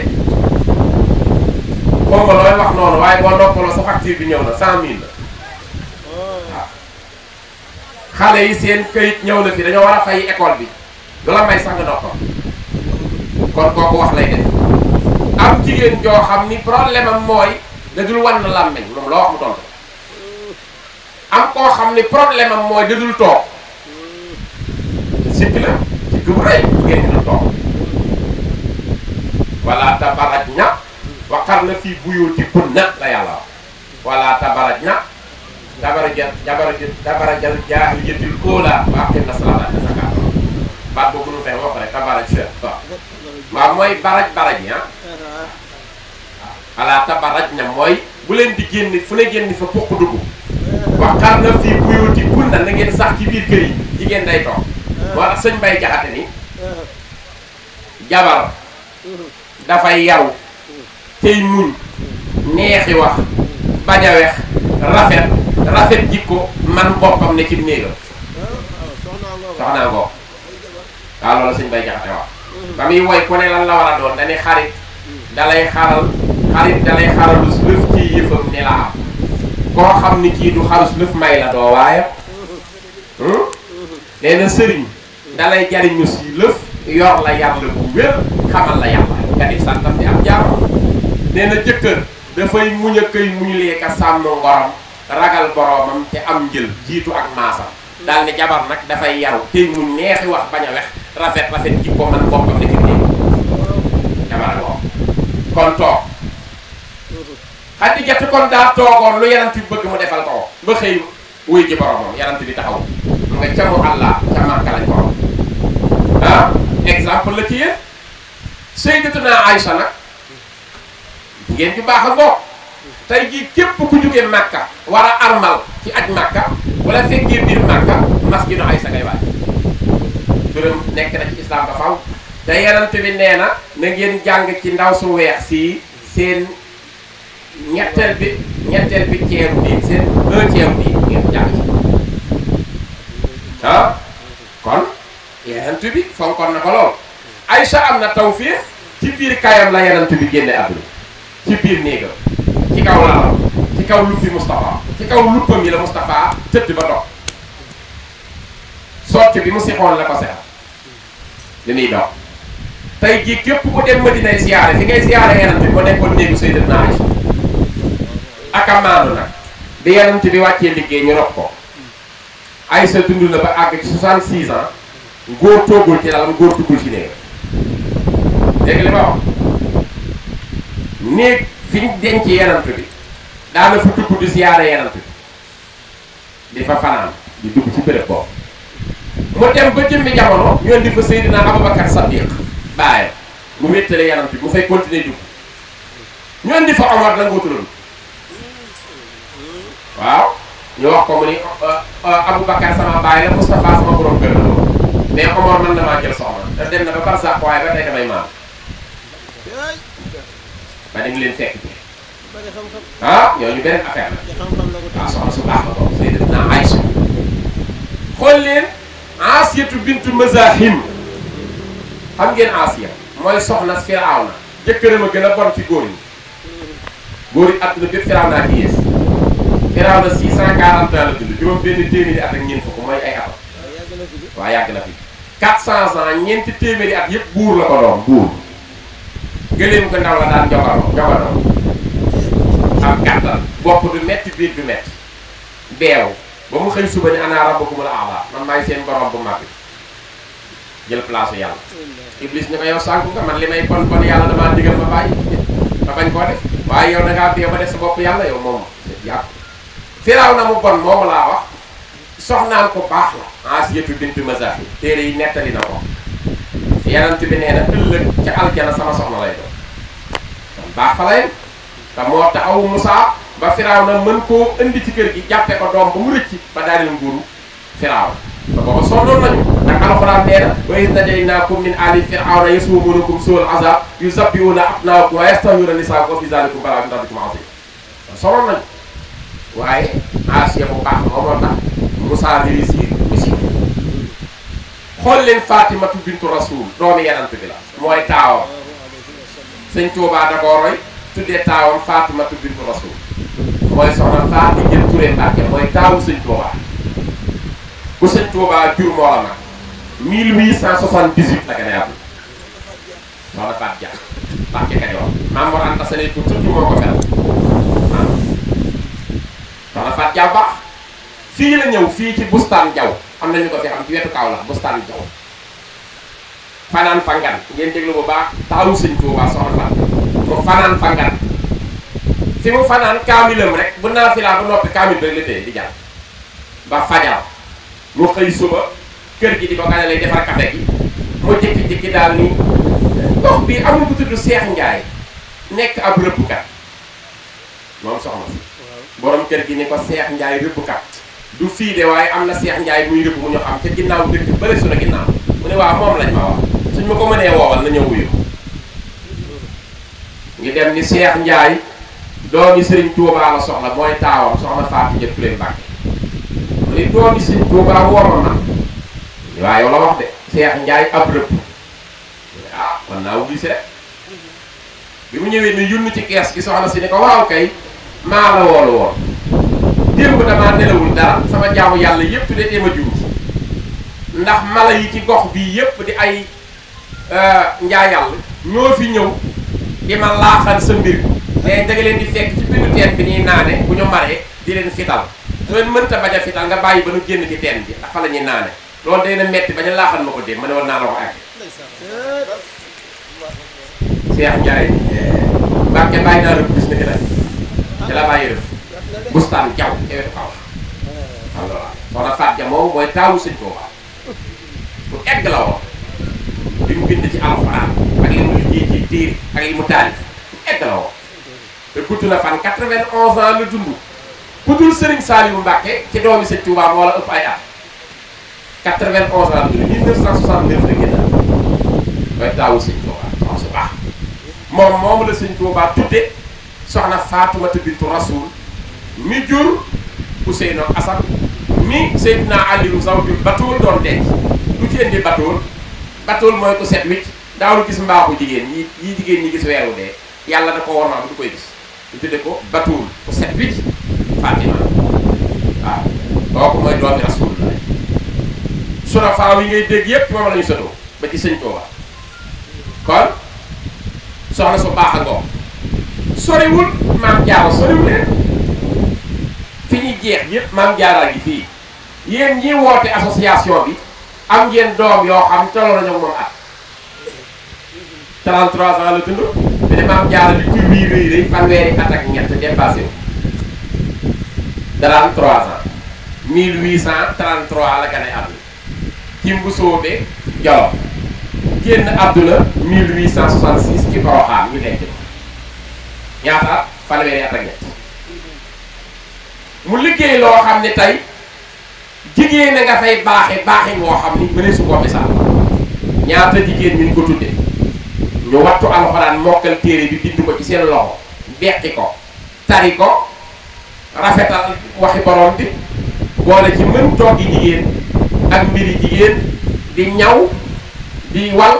xaw ma looy wax noonu waaye boo noppaloo sa facture bi ñëw na cent mille la oh. ah. xale yi seen këyit ñëw na fi dañoo war a fay école bi du la may sax nga noppal kon kooku wax lay def am jigéen joo xam ni problème am mooy da dul wan làmmeñ moom loo wax mu tontu am koo xam ni problème am mooy da dul toog mm. sikki la sikki bu rëy jigéen dul toog wala tabarajna wa qarna fi kunna la yalla wala tabarajna tabarajat tabarajat tabarajal jahiliyatil ula wa aqimna salata zakat ba boobu nu fay wax rek tabaraj sa ba ma moy baraj baraj ya ala tabarajna moy bu len di genn fu ne genn fa pokku dugg wa qarna fi buyuti kunna na ngeen sax ci bir kër di genn day tok wa señ bay jaxate ni jabar dafay yaru tey muñ neexi wax bañ a wex rafet rafet jikko man boppam ne ci néegam soxna ngoo loolu sëñ bay jaxate wax ba muy woy ku ne lan la war a doon dane xarit dalay xaral xarit dalay xaralus lëf ci yëfam ne la am koo xam ni kii du xarus lëf may la doo waayam hmm? nee na sëriñ dalay jariñus yi lëf yor la yàlla bu wér xamal la yàlla garib sàntam di am jaam nee na jëkkër dafay muñ a këy muñ lee ka sàmm ne jabar nag dafay yaru tey mu neexi wax bañ a wex rafet rafet jikko man boppam nekk nii jabar ak kon toog Xadijatu kon daa toogoon lu yarant bi bëgg mu defal ko ba xëy wuy ji boromam yarant bi taxaw mu nga camu àllaa ca lañ borom ah, exemple la ci yéen Sayyidatuna Aïcha nag ngeen ju baax a ngoo tey jii képp ku jógee Makka war a armal ci aj Makka wala fekkee biir Makka masjidu Aïcha ngay waaj turam nekk na ci islam ba faw te Yonent bi nee na na ngeen jàng ci ndaw su weex si seen ñetteel bi ñetteel bi ceeru bi seen un ceeru bi ngeen jàng ci ah kon Yonent bi fonkoon na ko Aïcha am na taw tawfiix ci biir kaayam la yenant bi génne àdduna ci biir néegam ci kaw lalam ci kaw luppi Moustapha ci kaw luppam yi la Moustapha tëdd ba dox sotti bi mu sixoon la ko sex li muy dox tey jii képp ku dem Madina siyaare fi ngay siyaare yenant bi ko nekkoon néegu Sayyidatuna Aïcha aka maanu nag di yenant bi wàccee liggéey ñu rob ko Aïcha dund na ba àgg ci 66 ans ngóor toogul ci lalam ngóor duggul ci néegam dégg li ma wax néeg fi denc yenant bi daana fa dugg di siyaare yenant bi di fa fanaan di dugg ci béréb boobu mu dem ba jëmmi jamono ñu indi fa Seydina Aboubacar Sadiq bàyyi mu wéttale yenant bi mu fay continuer dugg ñu indi fa Omar nangoo turam waaw ñu wax ko mu ni Aboubacar sama bàyyi la sama borom kër la mais Omar mën na maa jël soxna te dem na ba barsax waaye ba tey damay maam ba dañu leen fekk ji ah yooyu beneen affaire la waaw ah, soxna su baax la boobu sëy def naa Aysa xool leen Asiyatu bintu Mazahim xam ngeen Asiya mooy soxna Firawna jëkkëram a gën a bon ci góor ñi góor yi àdduna bépp Firawna ak yées Firawna 640 ans la dund juróom benn téeméeri at ak ñeent fukk mooy ay atam waaw yàgg na fi 400 ans ñeenti téeméeri at yëpp buur la ko doon buur gëléem ko ndaw la daan jogaroo jogaroo am gàttal bopp du metti biir du metti beew ba mu xëy suba ni ana rabbukumul aala man maay seen borom bu mag bi jël place yàlla iblis ni ko yow sànku nga man li may bon bon yàlla damaa digal ma bàyyi ma bañ koo def waaye yow da ngaa beew ba def sa bopp yàlla yow moom yàpp firaaw na mu bon moomu laa wax soxnaan ko baax la Asiyatu bintu Mazahi téere yi nettali na ko yonent bi nee na ëllëg ca aljana sama soxna lay doon baax fa lay te moo taxaw Moussa ba firaaw na mën koo indi ci kër gi jàppe ko doom ba mu rëcc ba daaneel nguuru firaaw te booba sonnoon nañu ndax alxuraan nee na wa iz najaynaakum min aali firawna yasumuunakum suul azab yuzabbihuuna abnaakum wa yastahyiuna nisaakum wa fi zaalikum balaa waaye Asiya bu baax moo moo tax Moussa réussir xool leen Fatimatu bintu Rasul doomi Yonent bi la mooy taawam sëñ Tuubaa da roy tuddee taawu sëñ Tuubaa bu sëñ Tuubaa jur moo la mag 1878 la gën a yàgg soxna Faat Dia Mbàkke Kajoor maam Mor Faat Dia baax fii la ñëw fii ci bustaan Jaw am nañu ko fi xam ci wetu kaw la bustaanu jox fanan fangan ngeen deglu bu baax taxawu sëñ touba soxna fan ko fanan fangan fi mu fanan kamilam rek bu la bu nopi kamil bay la di jàll ba fajar mu xey suba kër gi di ko gane lay defar café gi mu jikki-jikki dal ni gox bi amu ku tuddu cheikh ndjay nek ab reppukat mom soxna borom kër gi ni ko cheikh ndjay reppukat du fii de waaye am na Seex Njaay muy rëbb mu ñu xam te ginnaaw dëkk bële suñu ginnaaw mu ne waaw moom lañ ma wax suñ ma ko mënee woowal na ñëw wuyu ngi dem ni Seex Njaay doomi Sëriñ Tuubaa la soxla mooy taawam soxna Faatu jëpp leen Mbàkke mu ne doomi Sëriñ Tuubaa wooma man waaye yow wax de Seex Njaay ab rëbb ah man naa wu gisee bi mu ñëwee ni yunn ci kees gi soxna si ne ko waaw kay maa woolu woon démb damaa nelawul dara sama jaamu yàlla yépp de dee ma jur ndax mala yi ci gox bii yépp di ay euh, njaa yàlla ñoo fi ñëw di ma laaxal sa mbir mais da leen di fekk ci biiru teen bi ñuy naane bu ñu maree di leen fital soo leen mënta bañ a fital nga bàyyi ba nu génn ci teen bi ndax fa la ñuy naane loolu day na metti bañ a laaxal ma ko dem ma ne war naa la ko àgg Cheikh Ndiaye Mbacke bàyyi naa la gis na ci la ci la bàyyi def bustaan jaw ca wetu kaw alhamdulilah soxna Faat Ja moom mooy taawu sëñ Tuuba bu moom moom la sëñ Tuuba tudde soxna Faatumata bintu Rasuul mi jur Ousseynou Assane mi Seydina Aliou Sow bi Batool doon denc lu ci indi Batool mooy ko set wicc daawul gis mbaaxu jigéen ñi yi jigéen ñi gis weeru dee yàlla da ko war maam du koy gis ñu tudde ko Batool ku set wicc Fatima waaw kooku mooy doomi Rasulullah sura faaw yi ngay dégg yépp moom la ñu sotoo ba ci sëñ Tuuba kon soxna su baax a ngoom soriwul maam jaaw soriwul leen bi ñu jeex yëpp maam jaaraa ngi fii yéen ñi woote association bi am ngeen doom yoo xam tolloo nañu moom at 33 ans la dund te maam jaara li tur bii rëy rëy fanweeri at ak ñett dépassé wu 33 ans 1833 la gane àdduna ci Mbusoobe Jolof génn àdduna 1866 ci Poroxaan ñu denc ñaata fanweeri at ak ñett mu liggéey loo xam ne tey jigéen a nga fay baaxe baaxi moo xam ni mënee su ko misaal ñaata jigéen ñu ko tudde ñu wattu alxuraan mokkal téere bi bind ko ci seen loxo beqi ko tari ko rafetal waxi borom bi boole ci mën toggi jigéen ak mbiri jigéen di ñaw di wal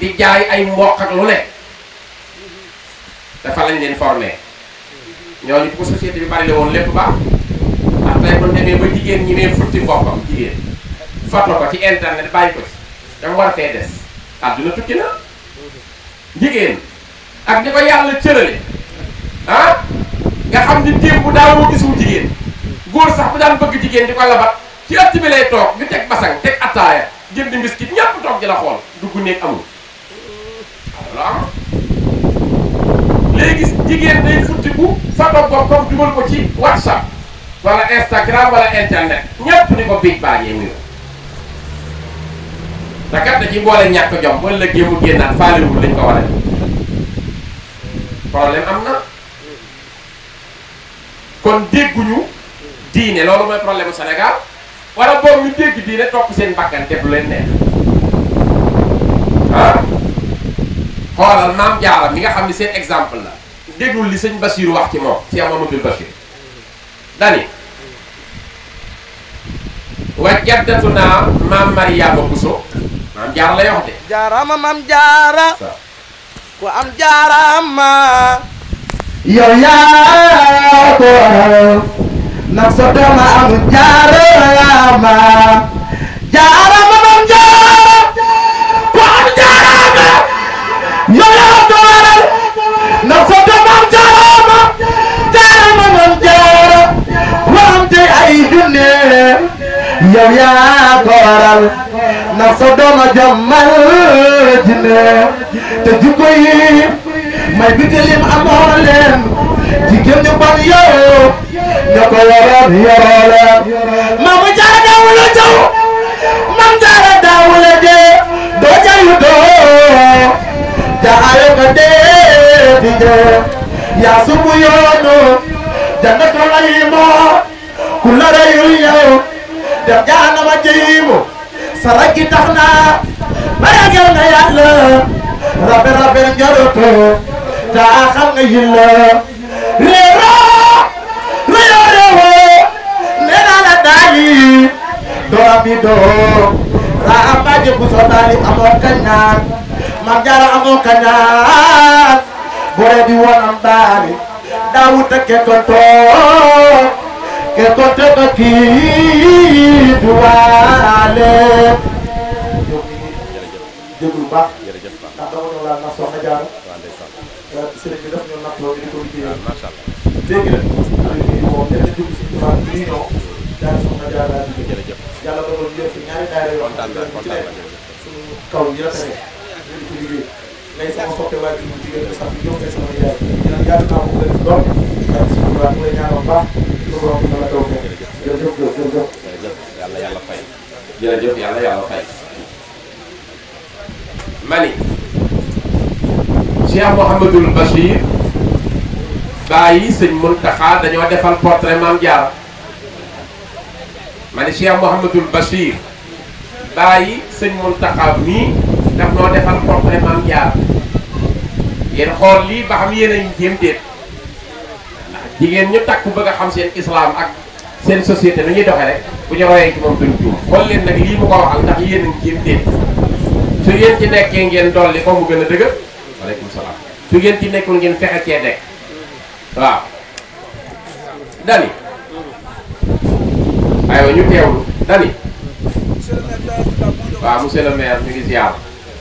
di jaay ay mboq ak lu ne dafa lañ leen formé ñooñu bu ko société bi bari la woon lépp baax tey ba jigéen ñi mee futti boppam jigéen foto ko ci internet bàyyi ko ci dama war fee des àdduna tukki na jigéen ak ni ko yàlla cërale ah nga xam ni démb daaw moo gisul jigéen góor sax bu daan bëgg jigéen di ko labat ci ëtt bi lay toog ñu teg basang teg attaaya jënd mbiskit ñàpp toog ji la xool dugg néeg amul waaw jigéen day futti bu foto boppam dugal ko ci whatsapp wala Instagram wala internet ñepp ni ko Big bag yi ñu da kat da ci boole ñak jom la gemu gennat faale wu lañ ko wala a problème amna na kon dégguñu diine lolu moy problème Sénégal wala bo ñu dégg diine top seen bakkan def lu leen neex ah xoolal maam Jaara mi nga xam seen exemple la déglul li sëñ Bachir wax ci moom Cheikh Mamadou Bachir dani wa jaddatuna maam Mariama Bousso maam jaara lay wax de jaaraama maam jaara ku am jaaraama yow yaa ko ndax sa doom a am jaaraama jaaraama maam jaara ku am jaaraama yow yaa yow yaa ko waral na sa dooma jommal jinne te jikko yi may bitalim amoo leen jigéen ñu bon yow ñoo ko yoroon yoroo leen maam jaara daawula jaw maam jaara daawula dee doo jayu doo jaare ko dee di dee yaa subu yoonu jannatul ayimo ku la rayul yow def jaanama jiimu sara gi tax naa ba ragal na yàlla rabe rabe njaroto taa xam nga yilla réeroo réeroo réeroo nee naa la daali dooram yi doo raa ambaaje bu soo daali amoo kañaan mam jaara amoo kañaan bore di woon am daali daawut a kekkontoo kẹtọ́jọ́tọ́ kì í duwaale. déglu baax. jërëjëf baax ndax dama ñëw laal na soxna Diarra. waaw ndeysaan. di ko liggéeyal. macha di ko jërëjëf. yàlla dogal ñu def ñaari daayira yoo xam ne suñu kaw yi la tane ñu di ko liggéey. mais sama soppe waa ji mu jigéen ñi sax ñu ñëw sama waaw mooy ñaar wax baax lu ko wax dëgg yàlla yàlla fay jërëjëf yàlla yàlla fay. dañoo defal portrait Maam Jaara mani Cheikh Mouhamadul Bachir bàyyi sëñ Mountakha mii daf noo defal portrait Maam Jaara yéen xool lii ba xam yéen a ngi jigéen ñu takku bëgg a xam seen islam ak seen société nu ñuy doxee rek bu ñu royee ci moom duñ juum xool leen nag lii mu ko waxal ndax yéen a ngi ciy su ngeen ci nekkee ngeen dolli ko mu gën a dëgër waaleykum su ngeen ci nekkul ngeen fexe cee nekk waaw dani aywa ñu teewlu dani waaw monsieur le maire mi ngi ziar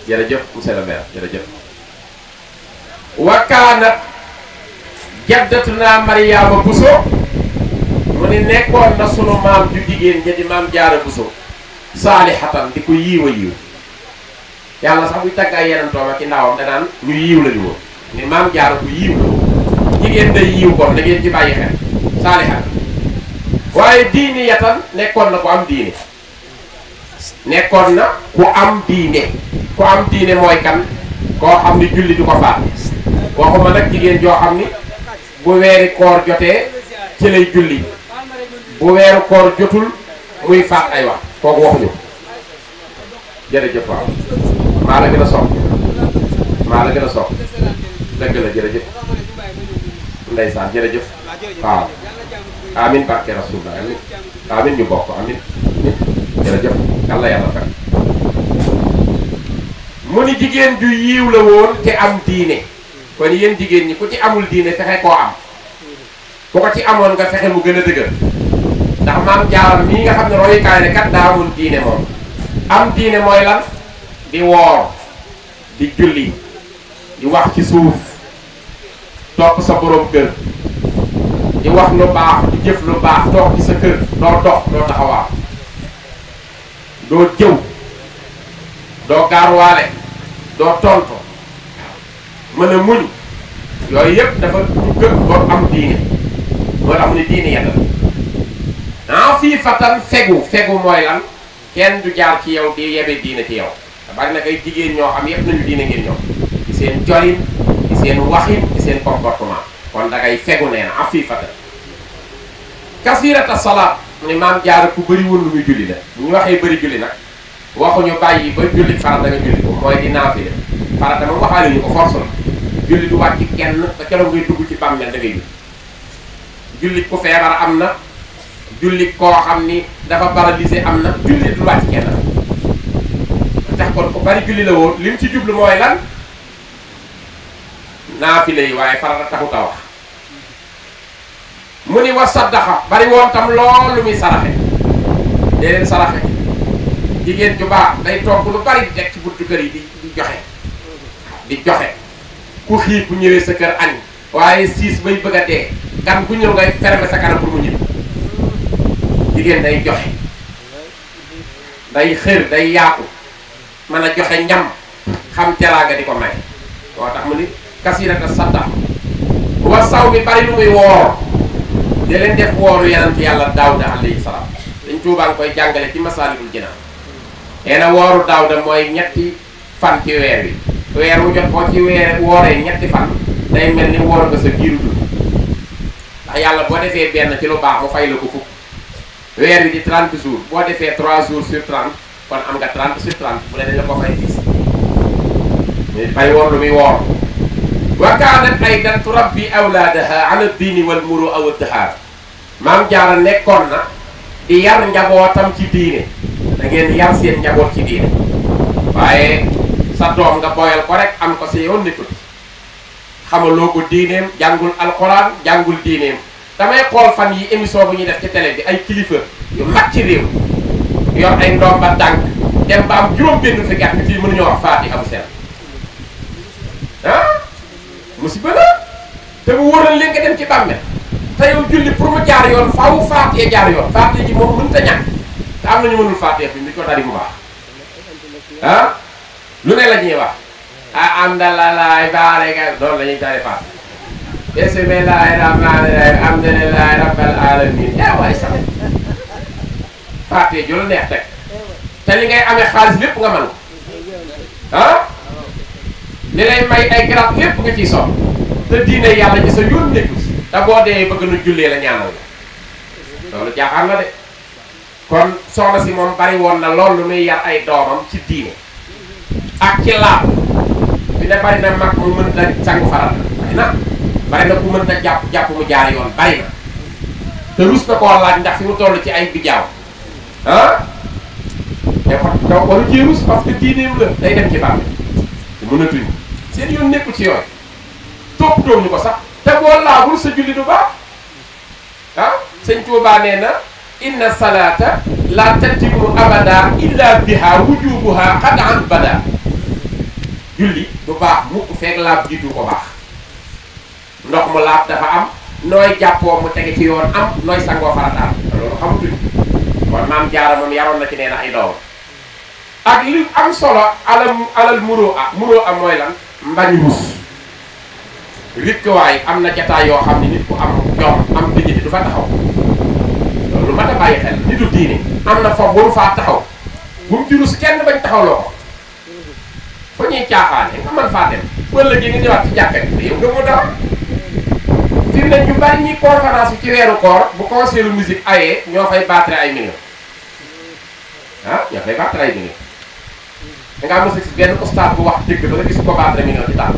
jërëjëf monsieur le maire jërëjëf wakaanat jaddatuna Mariyaama Buso mu ni nekkoon na sunu maam ju jigéen ja di maam Jaara Buso saalihatan di ko yiiw a yiiw yàlla sax buy tagg ay yenantoom ak i ndaawam danaan ñu yiiw lañu woon ni maam Jaara ku yiiw jigéen day yiiw kon da ngeen ci bàyyi xel saalihatan waaye diini yatan nekkoon na ku am diine nekkoon na ku am diine ku am diine mooy kan koo xam ni julli du ko faat waxuma nag jigéen joo xam ni bu weeri koor jotee ci lay julli bu weeru koor jotul muy faat ay wax kooku waxuñu jërëjëf waaw maa la gën a sopp maa la gën a sopp dëgg la jërëjëf ndeysaan jërëjëf waaw amin barke rasulullah amin amin ñu bokk amin jërëjëf yàlla yàlla fekk mu ni jigéen ju yiiw la woon te am diine kon yéen jigéen ñi ku ci amul diine fexe koo am ku ko ci amoon nga fexe mu gën a dëgër ndax maam jaaram mii nga xam ne royukaay ne kat daa amul diine moom am diine mooy lan di woor di julli di wax ci suuf topp sa borom kër di wax lu baax di jëf lu baax toog ci sa kër doo dox doo taxawaal doo jëw doo gaarwaale doo tonto mën a muñ yooyu yëpp dafa gëm boo am diine mooy am ni diine yàlla en fii fatan fegu fegu mooy lan kenn du jaar ci yow di yebe diine ci yow te bari nag ay jigéen ñoo xam yëpp nañu diine ngeen ñoom ci seen colin ci seen waxin ci seen comportement kon da fegu nee na en fii fatan kasirata salaat ni maam jaar ku bëri woon lu muy julli la bu ñu waxee bëri julli nag waxuñu bàyyi ba julli farata nga julli ko mooy di naafile farata moom waxaale ñu julli du wàcc kenn ba keroog ngay dugg ci bàmmeel da ngay julli ku feebar am na julli koo xam ni dafa paralysé am na julli du wàcc kenn tax kon ku bari julli la woon li mu ci jublu mooy lan naafile yi waaye farata taxut a wax mu ni wa saddaxa bari woon tam lool lu muy saraxe dee leen saraxe jigéen ju baax day togg lu bari di ci buntu kër yi di di joxe di joxe ku xif bu ñëwé sa kër añ waye siis bay bëgga a kan ku ñëw ngay fermé sa kanam pour mu ñëw digeen day joxe day xër day yaatu mën a joxe ñam xam teraanga di ko may wa tax mu ni kasira kasirata sadda wa saw bi bari lu muy wor de len def woru yeneen ci yàlla daawda alayhi salam dañ tuba ngoy jàngale ci masalibul jinan ena woru wooru moy ñetti fan ci wër wi weer wu jot boo ci weer wooree ñetti fan day mel ni woor nga sa giiru dund ndax yàlla boo defee benn ci lu baax mu fay la ko fukk weer wi di 30 boo defee 3 jours sur 30 kon am nga 30 sur 30 mu ne dañ la ko fay gis ñu bay woor lu muy woor wa kaanat aydan turabbi awlaadaha ala diini wal muru aw dahaar maam jaara nekkoon na di yar njabootam ci diine da ngeen yar seen njaboot ci diine waaye sa doom nga boyal ko rek am ko si yow nitul xamaloo ko diineem jàngul alxuraan jàngul diineem damay xool fan yi émission bi ñuy def ci télé bi ay kilifa yu mag ci réew yor ay ndoom ba tànk dem ba am juróom benn fi gàtt fii mënuñoo wax faati am seen ah musiba la te mu wóoral leen nga dem ci bàmmeel te yow julli pour mu jaar yoon faaw faatee moom mënut a ñàkk te am nañu mënul faatee fi mi ko dari mu baax ah? lu ne la ñuy wax ah am dalalaay baareka doon la ñuy tari faat bismillahi rahmaani rahim alhamdulillahi rabbil alamin eh waay sax fàtte ju la neex teg te li ngay amee xaalis lépp nga mën ah li lay may ay garab lépp nga ciy soxla te diine yàlla ci sa yoon nekku te boo dee bëgg nu jullee la ñaanal la loolu jaaxaar na de kon soxna si moom bari woon na lool lu muy yar ay doomam ci diine ak ci laab fi ne bari na mag mu mënta sangu faral na bari na mënta jàpp jàpp mu jaar yoon bari te rus na koo laaj ndax fi mu toll ci ay bijaaw ah te kon doo ci rus parce que diineem la day dem ci bàmmeel te mënatuñu seen yoon nekkul ci yooyu toppatoo ñu ko sax te boo laabul sa julli du baax ah sëñ Tuubaa na. inna salaata la tatimu abada illa biha wujubuha xad an bada julli du baax mukk feeg laab ji ko baax ndox mu laab dafa am nooy jàppoo mu tege ci yoon am nooy sangoo farataal loolu xamatuñ kon maam jaara moom yaroon na ci nee ay doom ak li am solo alal alal muroo a muroo am mooy lan mbañ mus rikk waay am na jataay yoo xam ne nit ku am jom am dignité du fa taxaw Mata mat a bàyyi xel nitu diine am na foofu waru faa taxaw bu mu jurus kenn bañ taxaw loo ko fa ñuy caaxaane nga mën faa dem wala gi nga ñëwaat ci jàkka yow nga mu dara fi mu ñu bari ñi conférence ci weeru koor bu concert musique ayee ñoo fay battre ay millions ah ñoo fay battre ay millions da ngaa mos a gis benn ustaas bu wax dëgg ba nga gis ko battre million ci taal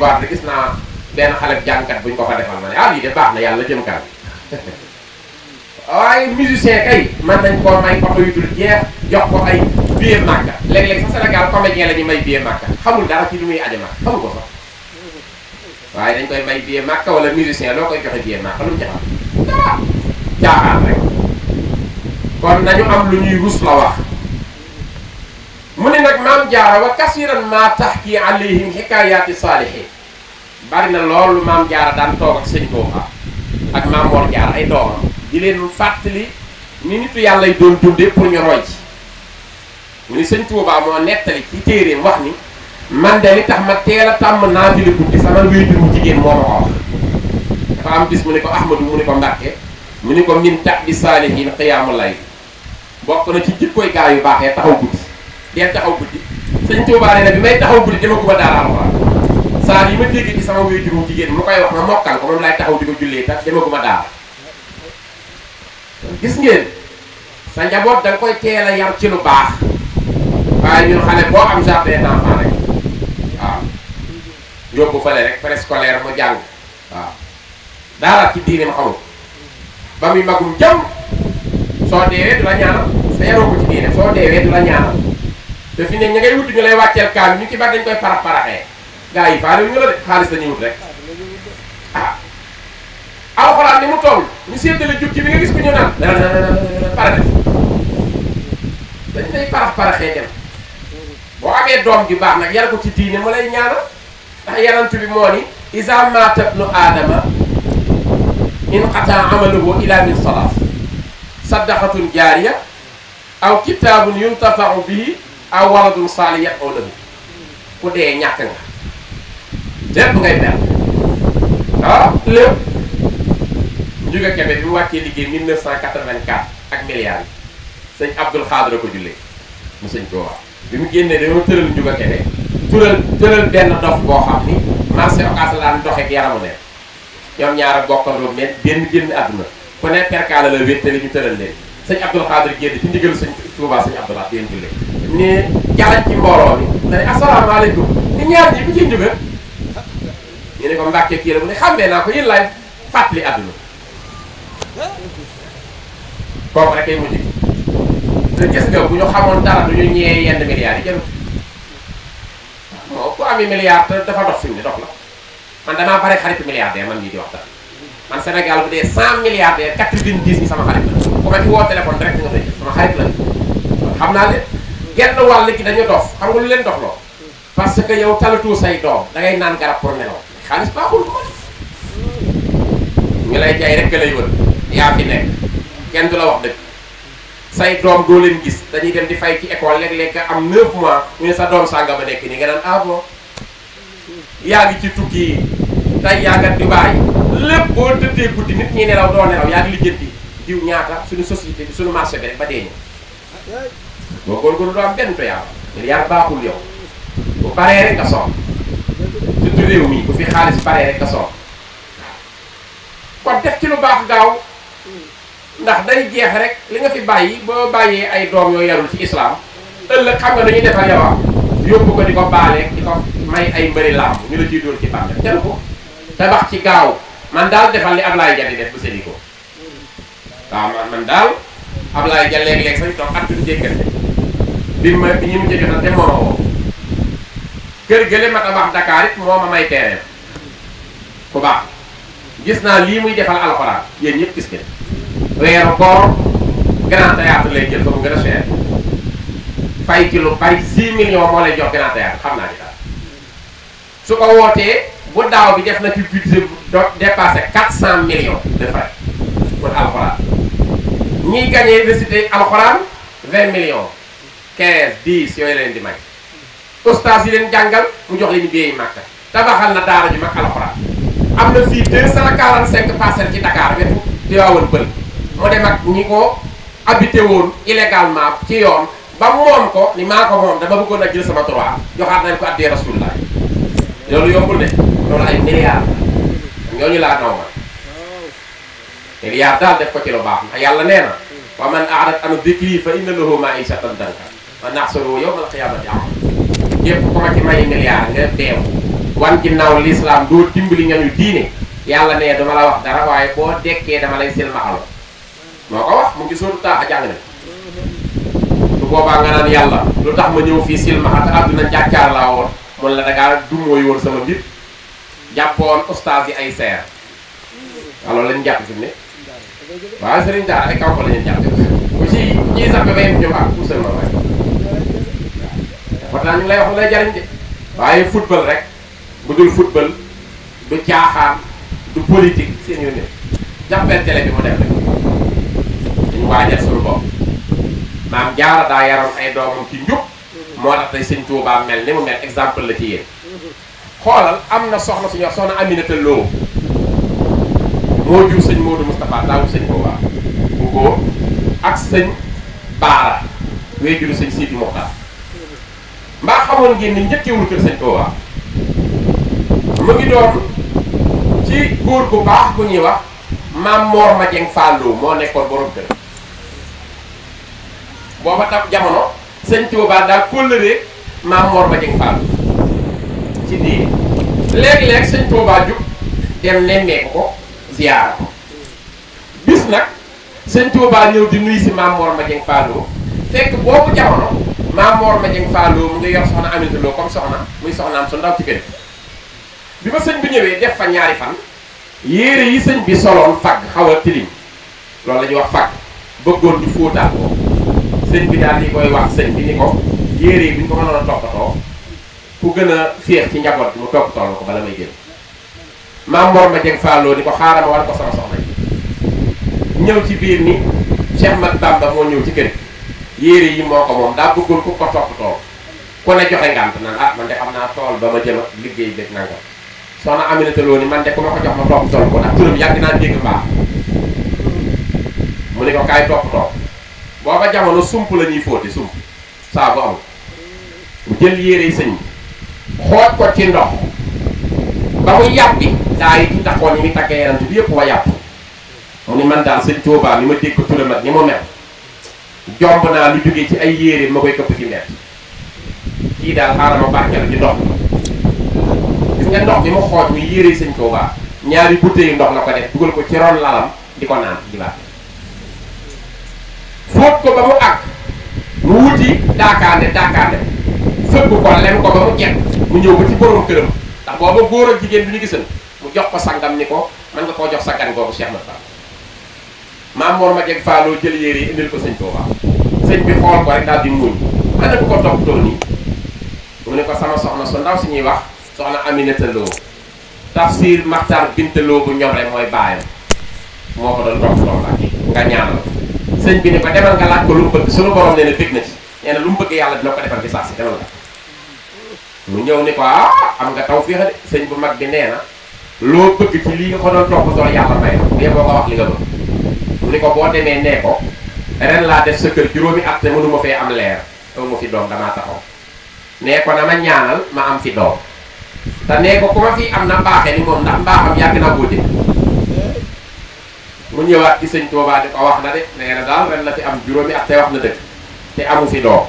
ba tey gis gis benn xale jàngkat bu ñu ko fa defal ma ne ah lii de baax na yàlla jëm kanam waaye musicien kay mën nañ koo may oto yu dul jeex jox ko ay billet màkka léeg-léeg sa Sénégal comédien la ñu may billet màkka xamul dara ci li muy aje xamul ko sax waaye dañ koy may billet màkka wala musicien loo koy joxe billet màkka lu mu ca xam dara kon nañu am lu ñuy rus la wax mu ne nag maam jaara wa kasiran maa tax kii alayhim xikaayaati saalihin bari na loolu maam jaara daan toog ak sëñ Tuubaa ak maam Mor Jaara ay doomam di leen fàttali ni nitu yàlla yi doon dundee pour ñu ci mu ni sëñ Tuubaa moo nettali ci téeréem wax ni man de li tax ma teel a tàmm naa guddi sama wéytu mu jigéen moo ma wax dafa am bis mu ne ko Ahmadu mu ne ko Mbàkke mu ni ko min tax bi saalihiin xiyaamu lay bokk na ci jikkoy gaa yu baaxee taxaw guddi dee taxaw guddi sëñ Tuubaa nee na bi may taxaw guddi dama ko ba saar yi ma dégg ci sama wéy juru jigéen mu koy wax ma mokkal ko moom laay taxaw di ko jullee tax demaguma daal gis ngeen sa njaboot da nga koy teel a yar ci lu baax waaye ñun xale boo am jardin d'enfant rek waaw yóbbu fale rek préscolaire mu jàng waaw daara ci diine ma xamul ba muy magum jëm soo deewee du la ñaanal sa yaroo ko ci diine soo deewee du la ñaanal te fi ne ña ngay wuti ñu lay wàcceel kaam ñu ci bari dañ koy parax paraxee gaay yi faale ñu la de xaalis dañuy wut rek ah alxuraan ni mu toll ñu séddale jub ci bi nga gis ko ñu naan dara dara dara para def dañ lay parax xey dem boo amee doom ju baax nag yar ko ci diine mu lay ñaanal ndax yarantu bi moo ni isa maata adama in qata amaluhu ila min salaas sadaqatun jariya aw kitabun yuntafa'u bihi aw waladun saalih yad'u ko de ñak nga lépp ngay dal ah lépp juga kebe bi mu ligue 1984 ak milliard seigne Abdul Xaadir ko mo seigne ko wax bi mu genné dañoo teural juga kebe teural teural ben dof boo xamni ni marché Ocass laan doxé ak yaramu ne ñoom ñaar bokkandoo mel ben genn aduna ko ne perkaale la wéttali ñu teural leen seigne Abdul Xaadir génn ci ndigal seigne touba seigne Abdul Xaadir jullee ne jalan ci mboro bi dañ asalaamaaleykum ni ñaar ji bu ci jóge ñu ne ko Mbàkke kii la mu ne xàmmee naa ko yéen laay fàttali àdduna kooku rek ay mujj te gis nga bu ñu xamoon dara du ñu ñëwee yenn milliards yi jëm moo ku amee milliard dafa dox fi mu ne dox la man damaa bare xaritu milliardaire man lii di wax dara man Sénégal bu dee 100 milliardaire 90 ñi sama xarit la ku ma ci woo téléphone direct nga tëj sama xarit la xam naa leen gen wàll gi dañu dof xam nga lu leen dof loo parce que yow talatoo say doom da ngay naan garab xaalis baaxul ko ñu lay jaay rek lay wër yaa fi nekk kenn du la wax dëgg say doom doo leen gis dañuy dem di fay ci école léeg-léeg am 9 mois ñu ne sa doom sànga ma yi tey yaa ngi Dubaay lépp boo tëddee guddi nit ñi nelaw doo nelaw yaa ñu boo góorgóorlu doo am benn toyaaba. yar baaxul yow bu paree rek nga soxla. réew mi bu fi xaalis bare rek a soog kon def ci lu baax gaaw ndax day jeex rek li nga fi bàyyi boo bàyyee ay doom yoo yarul ci islaam ëllëg xam nga dañuy defar yowaa yóbbu ko di ko baaleeg may ay mbëri làmb ñu la ciy dóor ci bànn tel ko tabax ci gaaw man daal defal li Ablaye Dia di def bu sëli ko waaw man daal Ablaye Dia léeg-léeg sax toog at bi mu bi ñu mu jéggi te moromoo kër gële ma tabax Dakar it moo ma may terrain ku baax gis naa lii muy defal alxuraan yéen ñëpp gis ngeen koor grand théâtre lay jël fa mu gën a cher fay ci bari 6 millions moo lay jox grand théâtre su ko wootee bu daaw bi def na ci budget do dépassé 400 millions de frais pour alxuraan ñiy gagné récité alxuraan 20 millions 15 yooyu leen di may. ustaas yi leen jàngal mu jox leen biyeeyu màkka tabaxal na daara ju mag alxuraan am na fii 245 parcelles ci Dakar wetu Tivaouane Pël mu dem ak ñi ko habité woon illégalement ci yoon ba moom ko ni maa ko moom dama bëggoon a jël sama droit joxaat nañ ko addee rasulullah loolu yombul ne loolu ay milliards la ñooñu laa naw daal def ko ci lu baax ndax yàlla nee na wa man aarat an dikri fa inna lahu ma'ishatan danka wa nahsuruhu yawmal qiyamati képp ku ma ci mayi milliard nga def deew wan ginnaaw lislaam doo dimbali ñooñu diine yalla ya, ne dama la wax dara waye boo dekkee dama lay sel ma xalo moko wax mu ngi sóoru ta a jàng ne su nga nan yalla lu tax ma ñew ñëw fii silmaxa te àdduna jàkkaar la won mo la daga du moy woon sama mbir gitu. jappoon ustaas yi ay ser waaw lañu japp fi ne ba serigne daara ay kaw ko lañu japp jàpp ci ñiy sappe ba yem ñoom ak pour seulement waaye wax waaye football rek bu dul football du caaxaan du politique seen yoon ne jàppale télé bi mu def rek dañu waajal suñu bopp maam jaara daa yaroon ay doomam ci njub moo tax tey sëñ Tuubaa mel ni mu mel exemple la ci yéen xoolal am na soxna suñu wax soxna Aminata Lo moo jur sëñ Modou Moustapha daawu sëñ Tuubaa bu góor ak sëñ Baara wéy juru sëñ Sidi Mokhtar mbaa xamoon ngeen ni njëkkewul kër sëñ Tuubaa mu ngi doon ci góor gu baax gu ñuy wax maam Moor ma Jeng Fallou moo nekkoon borom kër booba tam jamono sëñ Tuubaa daa kóllëre maam Moor ma Jeng Fallou ci nii léeg-léeg sëñ Tuubaa jub dem nemmeeku ko ziyaara bis nag sëñ Tuubaa ñëw di nuyu si maam Moor ma Jeng Fallou fekk boobu jamono Maamoor Madieng Fallou mu ngi yor soxna Aminata comme soxna muy soxnaam su ndaw ci kër bi ma sëñ bi ñëwee def fa ñaari fan yére yi sëñ bi soloon fagg xaw a tilim loolu la wax fagg bëggoon ñu fóotaat sëñ bi daal di koy wax sëñ bi ni ko yére yi bu ñu ko mënoon a toppatoo ku gën a féex ci njaboot la ko bala may jël Maamoor Madieng Fallou ni ko xaaral ma war ko sama soxna ñëw ci biir ni Cheikh Mat Bamba moo ñëw ci kër yére yi moo ko moom daa bëggoon ku ko toppatoo ku ne joxe ngant naan ah man de xam naa tool ba ma jëm ak liggéey beeg nanga soxna Aminata Lo ni man de ku ma ko jox ma toppatoo ko ndax turam yàgg naa dégg mbaax mu ne ko kaay toppatoo booba jamono sump la ñuy fóoti sump saa bu am mu jël yére yi sëñ bi xooj ko ci ndox ba mu yàppi daa yi ci taxoon yi muy taggee yaram bi yëpp wa yàpp mu ni man daal sëñ Tuubaa mi ma dégg ko turam ni mu mel jomb naa lu jógee ci ay yére ma koy ci ndeet kii daal xaaral ma barkeel ci ndox gis nga ndox bi ma xooj muy yére sëñ Tuubaa ñaari bouteille ndox la ko def ko ci ron lalam di naan di baax fóot ko ba mu àgg mu wuti daakaande daakaande fëgg ko lem ko ba mu jekk mu ñëw ba ci borom këram ndax booba góor ak jigéen bi ñu gisan mu jox ko sangam ni ko mën nga koo jox sa Cheikh Mor ma jël indil ko sëñ bi xool ko rek daal di muuñ ana ne ko sama soxna su ndaw si ñuy wax soxna Aminata Lo Tafsir Maxtar Binta Lo bu ñoom rek mooy baayam moo ko doon topp tool ak nga ñaanal sëñ bi ne ko demal nga laaj ko lu mu bëgg sunu borom nee na bëgg na lu mu bëgg yàlla dina ko defal bi saa si demal nga mu ñëw ni ko ah am nga taw fii xa sëñ bu mag bi nee na loo bëgg ci lii nga ko doon topp tool yàlla may na bee boo ko wax li nga bëgg mu ne ko boo ren laa def sa kër juróomi at te mënuma fee am leer awma fi doom damaa taxaw nee ko na ma ñaanal ma am fi doom te nee ko ku ma fi am na mbaaxe ni moom ndax mbaaxam yàgg naa ko dégg mu ñëwaat ci ko wax na de la fi am juróomi wax na dëgg te amu fi doom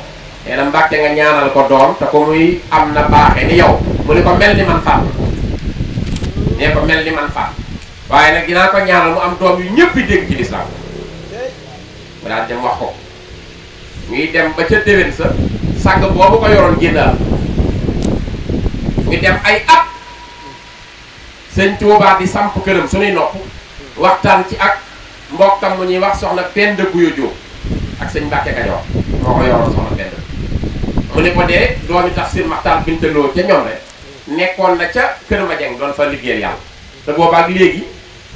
nee na mbàkke nga ko doom te am na baaxe ni yow mu ni ko mel ni man fàll nee ko mel ni man fàll waaye nag dinaa ko ñaanal mu am doom yu ñëpp dégg ci lislaam mu daal dem wax ko ngi dem ba ca déwén sa sàgg boobu ko yoroon génnaal ñu dem ay at sëñ Tuubaa di samp këram suñuy nopp waxtaan ci ak mbokkam mu ñuy wax soxna benn Guyo Jóob ak sëñ Mbàkke Kajoor moo ko yoroon soxna benn mu ne ko dee doomi Tafsir Maxtaar Binta Lo ca ñoom rek nekkoon na ca kër ma jeng doon fa liggéeyal yàlla te boobaak léegi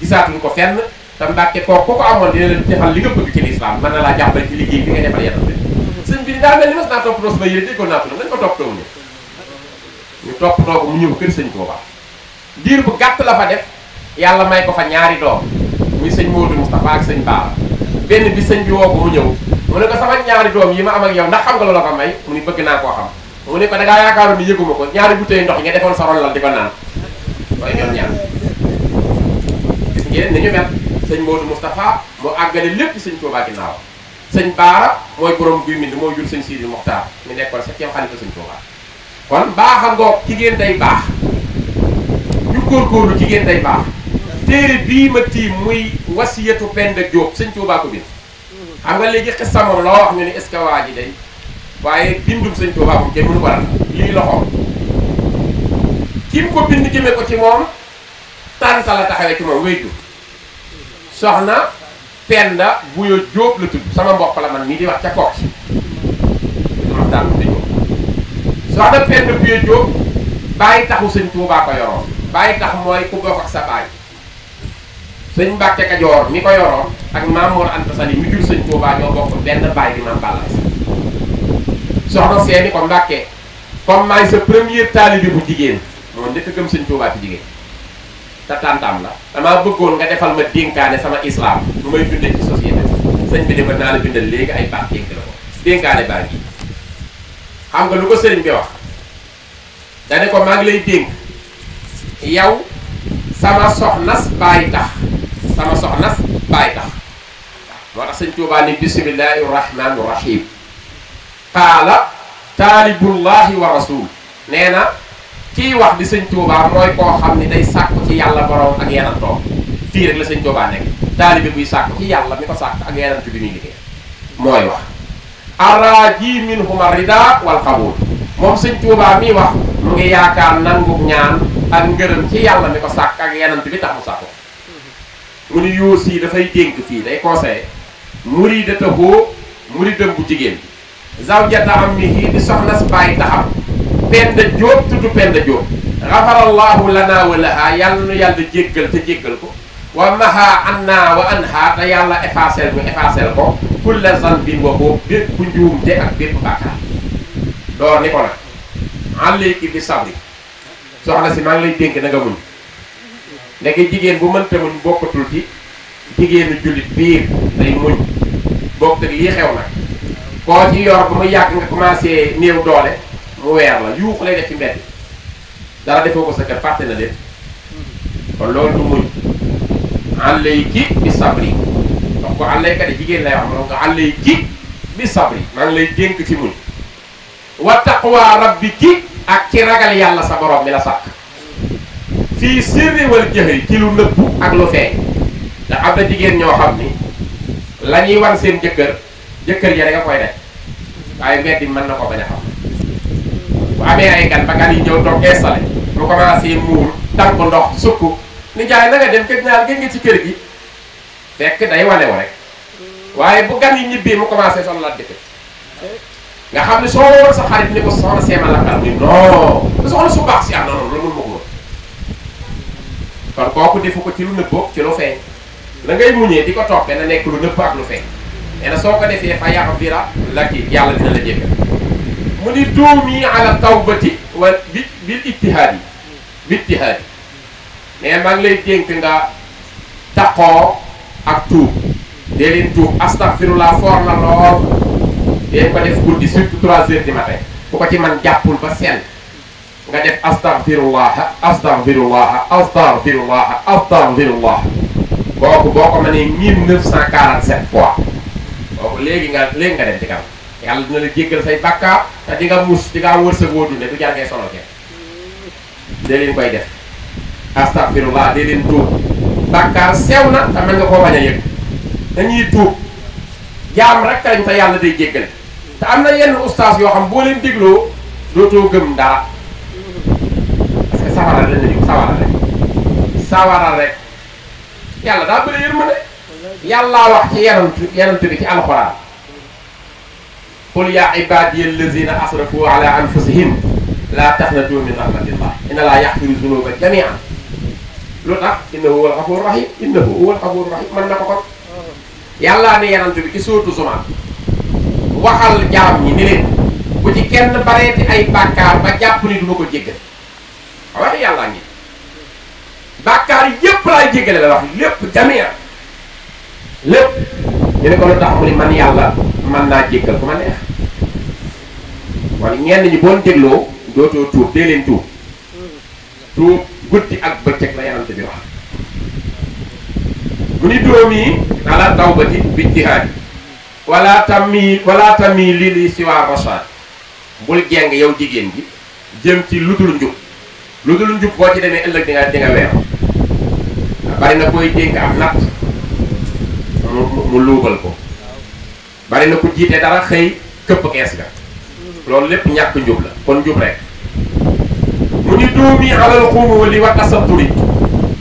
gisaatuñ ko fenn tam mbàkke ko ko amoon dina len defal li nga bëgg ci l'islam man la jappal ci liggéey bi nga kan defal yalla bi sëñ bi da mel ni mas na top ros ba yéen ko na ko nañ ko topp tooguñu ñu top toogu mu ñëw kër sëñ Tuuba dir bu gatt la fa def yalla ya may ko fa ñaari do muy señ modou mustapha ak señ Baara benn bi señ bi wo ko mu ñew mu ne ko sama ñaari doom yi ma am ak yow ndax xam nga loola ko may mu ni bëgg na ko xam mu ne ko da nga yaakaaru ni yëguma ko ñaari bouteille ndox nga defoon sa rol lal diko naan way ñom ñaar gis ngeen ni ñu mel sëñ Modou Moustapha mu àggale lépp sëñ Touba ginnaaw sëñ Baara mooy borom guy mind moo jur sëñ Sidi Mokhtar mi nekkoon septième xalifa sëñ Touba kon baax a ngoog jigéen day baax ñu góorgóorlu jigéen day baax téere bii ma tiim muy wasiyatu Penda Diop sëñ Touba ko bind xam nga léegi xis moom loo wax ñu ne est-ce ji day waaye bindum sëñ Touba moom kenn mënu ko ran lii loxoom kim ko bind jëmee ko ci moom tànta la taxawee ci moom wéy soxna Penda Buyo Jóob la tudd sama mbokk la man nii di wax ca kook si wax daan di ko soxna Penda Buyo Jóob bàyyi taxu sëñ Tuubaa ko yoroon bàyyi tax mooy ku bokk ak sa baay sëñ Mbàkke Kajoor mi ko yoroon ak Maam Mor Anta Sali mi jur sëñ Tuubaa ñoo bokk benn baay di Maam Balla soxna seeni ko Mbàkke comme maay sa premier taalibe bu jigéen moo njëkk a gëm sëñ Tuubaa ci jigéen te tàntaam la damaa bëggoon nga defal ma dénkaane sama islam lu may dundee ci société sëñ bi ne ma naa la bindal léegi ay baax dénk la ko dénkaane baa ngi xam nga lu ko sëriñ bi wax dane ko maa lay dénk yow sama soxnas baay tax sama soxnas baay tax moo tax sëñ Tuubaa ni bismillahi rahmaani rahim qaala taalibullahi wa rasul nee ci wax li sëñ Touba mooy koo xam ni day sàkku ci yàlla borom ak yenantoom fii rek la sëñ Touba nekk taalibe buy sàkku ci yàlla mi ko sàkk ak yenant bi muy liggéey mooy wax araaji min huma rida wal xabul moom sëñ Touba wax mu ngi yaakaar nanguk ñaan ak ngërëm ci yàlla mi ko sàkk ak yenant bi tax mu sàkko mu ni yuus yi dafay dénk fii day conseillé muridatahu muridam bu jigéen zawjata am mi di soxnas bàyyi taxam Penda Diop tudd Penda Diop xafarallahu lana wa laha nu yàlla jéggal te jéggal ko wa maha anna wa anha te yàlla effacel bu effacel ko kulla zanbin wa boobu bépp njuumte ak bépp bàkkaar door ni ko nag alayki bi sabri soxna si maa ngi lay dénk na nga muñ jigéen bu mënta muñ bokkatul ci jigéenu jullit biir day muñ bokk te lii xew nag koo ci yor ba mu yàgg nga commencé néew doole mu weer la yuux lay def ci mbedd dara defoo ko sa kër fàtte na lépp kon loolu du muñ alayki bi sabri donc alayka de jigéen lay wax donc alayki bi sabri maa ngi lay dénk ci muñ wa taqwa rabbiki ak ci ragal yàlla sa borom mi la sàkk fii sirri wal jëxëy ci lu nëbb ak lu feeñ ndax am na jigéen ñoo xam ni la ñuy wan seen jëkkër jëkkër ja rek nga koy def waaye mbedd mën na ko bañ a xam amee ay gan ba gan yi ñëw toog installé bu commencé muur tànk ndox sukk ni jaay na nga dem kër ñaar gën ci kër gi fekk day wane wu waaye bu gan yi ñibbi mu sol sonalaat dëkk nga xam ne soo woon sa xarit ni ko soxna seema la xarit ni non da soxna si am na noonu loolu mun kon kooku defu ko ci lu nëbboo ci lu feeñ la ngay muñee di ko toppee na nekk lu nëbb ak lu feeñ nee na soo ko defee fa yàq bira la kii yàlla dina muni ni ala tawbati wa bil ittihaadi bil ittihaadi mais maa ngi lay denk nga taqo ak tu dee leen tuub astaghfirullah for na lool de ko def ko 18 3h du matin ku ko ci man jappul ba sel nga def astaghfirullah astaghfirullah astaghfirullah astaghfirullah boko boko mané 1947 fois boko legi nga léegi nga dem ci kaw yàlla dina la jéggal say bàkkaar te di nga muus di nga wërsëg woo dunde du jar ngay sonal kenn dee leen koy def astafirullah dee leen tuub bàkkaar sew na te mën nga koo bañ a dañuy tuub jaam rek lañ te yàlla day jéggale te am yenn ustaas xam gëm dara parce que sawara sawara rek sawara rek yàlla daa bëri yërmande yàllaa wax ci bi ci قل يا عبادي الذين اسرفوا على انفسهم لا تقنطوا من رحمة الله ان لا يغفر الذنوب جميعا لوتاخ انه هو الغفور الرحيم انه هو الغفور الرحيم من نكو كون يالا ني يانت بي كي سورتو زما وخال جام ني نيلين بو تي كين باريتي اي باكار با جاب ني دوكو جيغل واخ يالا ني باكار ييب لا جيغل لا واخ ليب جميعا ليب ني كو لوتاخ مولي من يالا man naa jéggal ku ma neex wala ñenn ñi boo dégloo dootoo tuub dee leen tuub tuub guddi ak bëccëg la yonent bi wax mu ni doom yi ala tawbati bi jihaad wala tammi wala tammi lii li siwaa rasaad bul jeng yow jigéen ji jëm ci ludul njub ludul njub boo ci demee ëllëg di nga di bari na koy dénk am natt mu luubal ko bari na ko jité dara xey kepp kess ga lolou lepp ñak njub la kon njub rek mu ni duumi alal xumu li wa tasaturi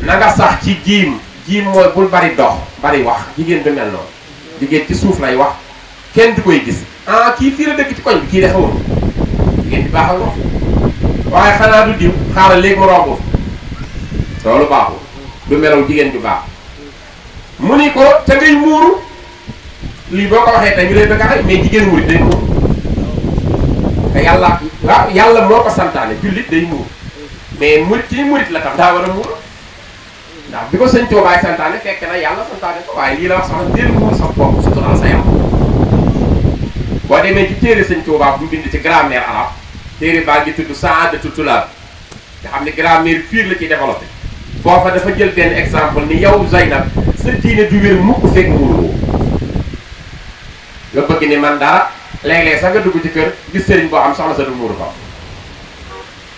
na nga sax ci jim jim moy bul bari dox bari wax jigéen du mel noonu ci suuf lay wax kenn du koy gis ah ki fi la dekk ci koñ ki defo de di baxal wax waye xana du diw xaaral leg mu rombo lolou baaxul du melaw jigéen ju baax muniko te ngay muru lii boo ko waxee tey ñu lay bëgg a rey mais jigéen murit day muur te yàlla waaw yàlla moo ko santaane jullit day muur mais murit ci murit la tam daa war a muur ndax bi ko sëñ Tuubaay santaane fekk na yàlla santaane ko waaye lii la wax sax déel muur sax bopp sutural sa yam boo demee ci téere sëñ Tuubaa bu mu bind ci grammaire arabe téere baa ngi tudd saadatu tulaab nga xam ne grammaire pure la ciy développé foofa dafa jël benn exemple ni yow Zaynab sa diine du wér mukk fekk muuroo nga bëgg ni man dara léeg-léeg sax nga dugg ci kër gis sëriñ boo xam soxla sa du muuru ko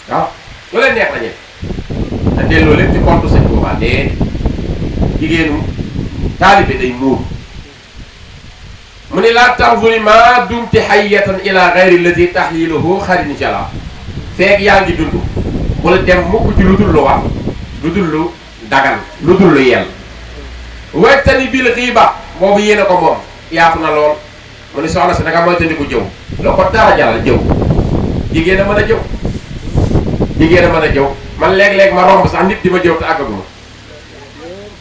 ya, waaw lu leen neex lañuy te delloo leen ci compte sëñ Tuubaa dee jigéenu taalibe day muur mu ni laa tanzuri ma dumti hayyatan ila ghayri allati tahliluhu xarin jala feeg yaa ngi dund la dem mukk ci lu dul lu wax lu dul lu dagan lu dul lu yell wectani bil xiiba boobu yéene ko moom yaatu na lool mu ne soxna si nanga moytandiku jëw loo ko dara jaral jëw jigéen a mën a jëw jigéen a mën a jëw man léeg-léeg ma romb sax nit di ma jëw te àggaguma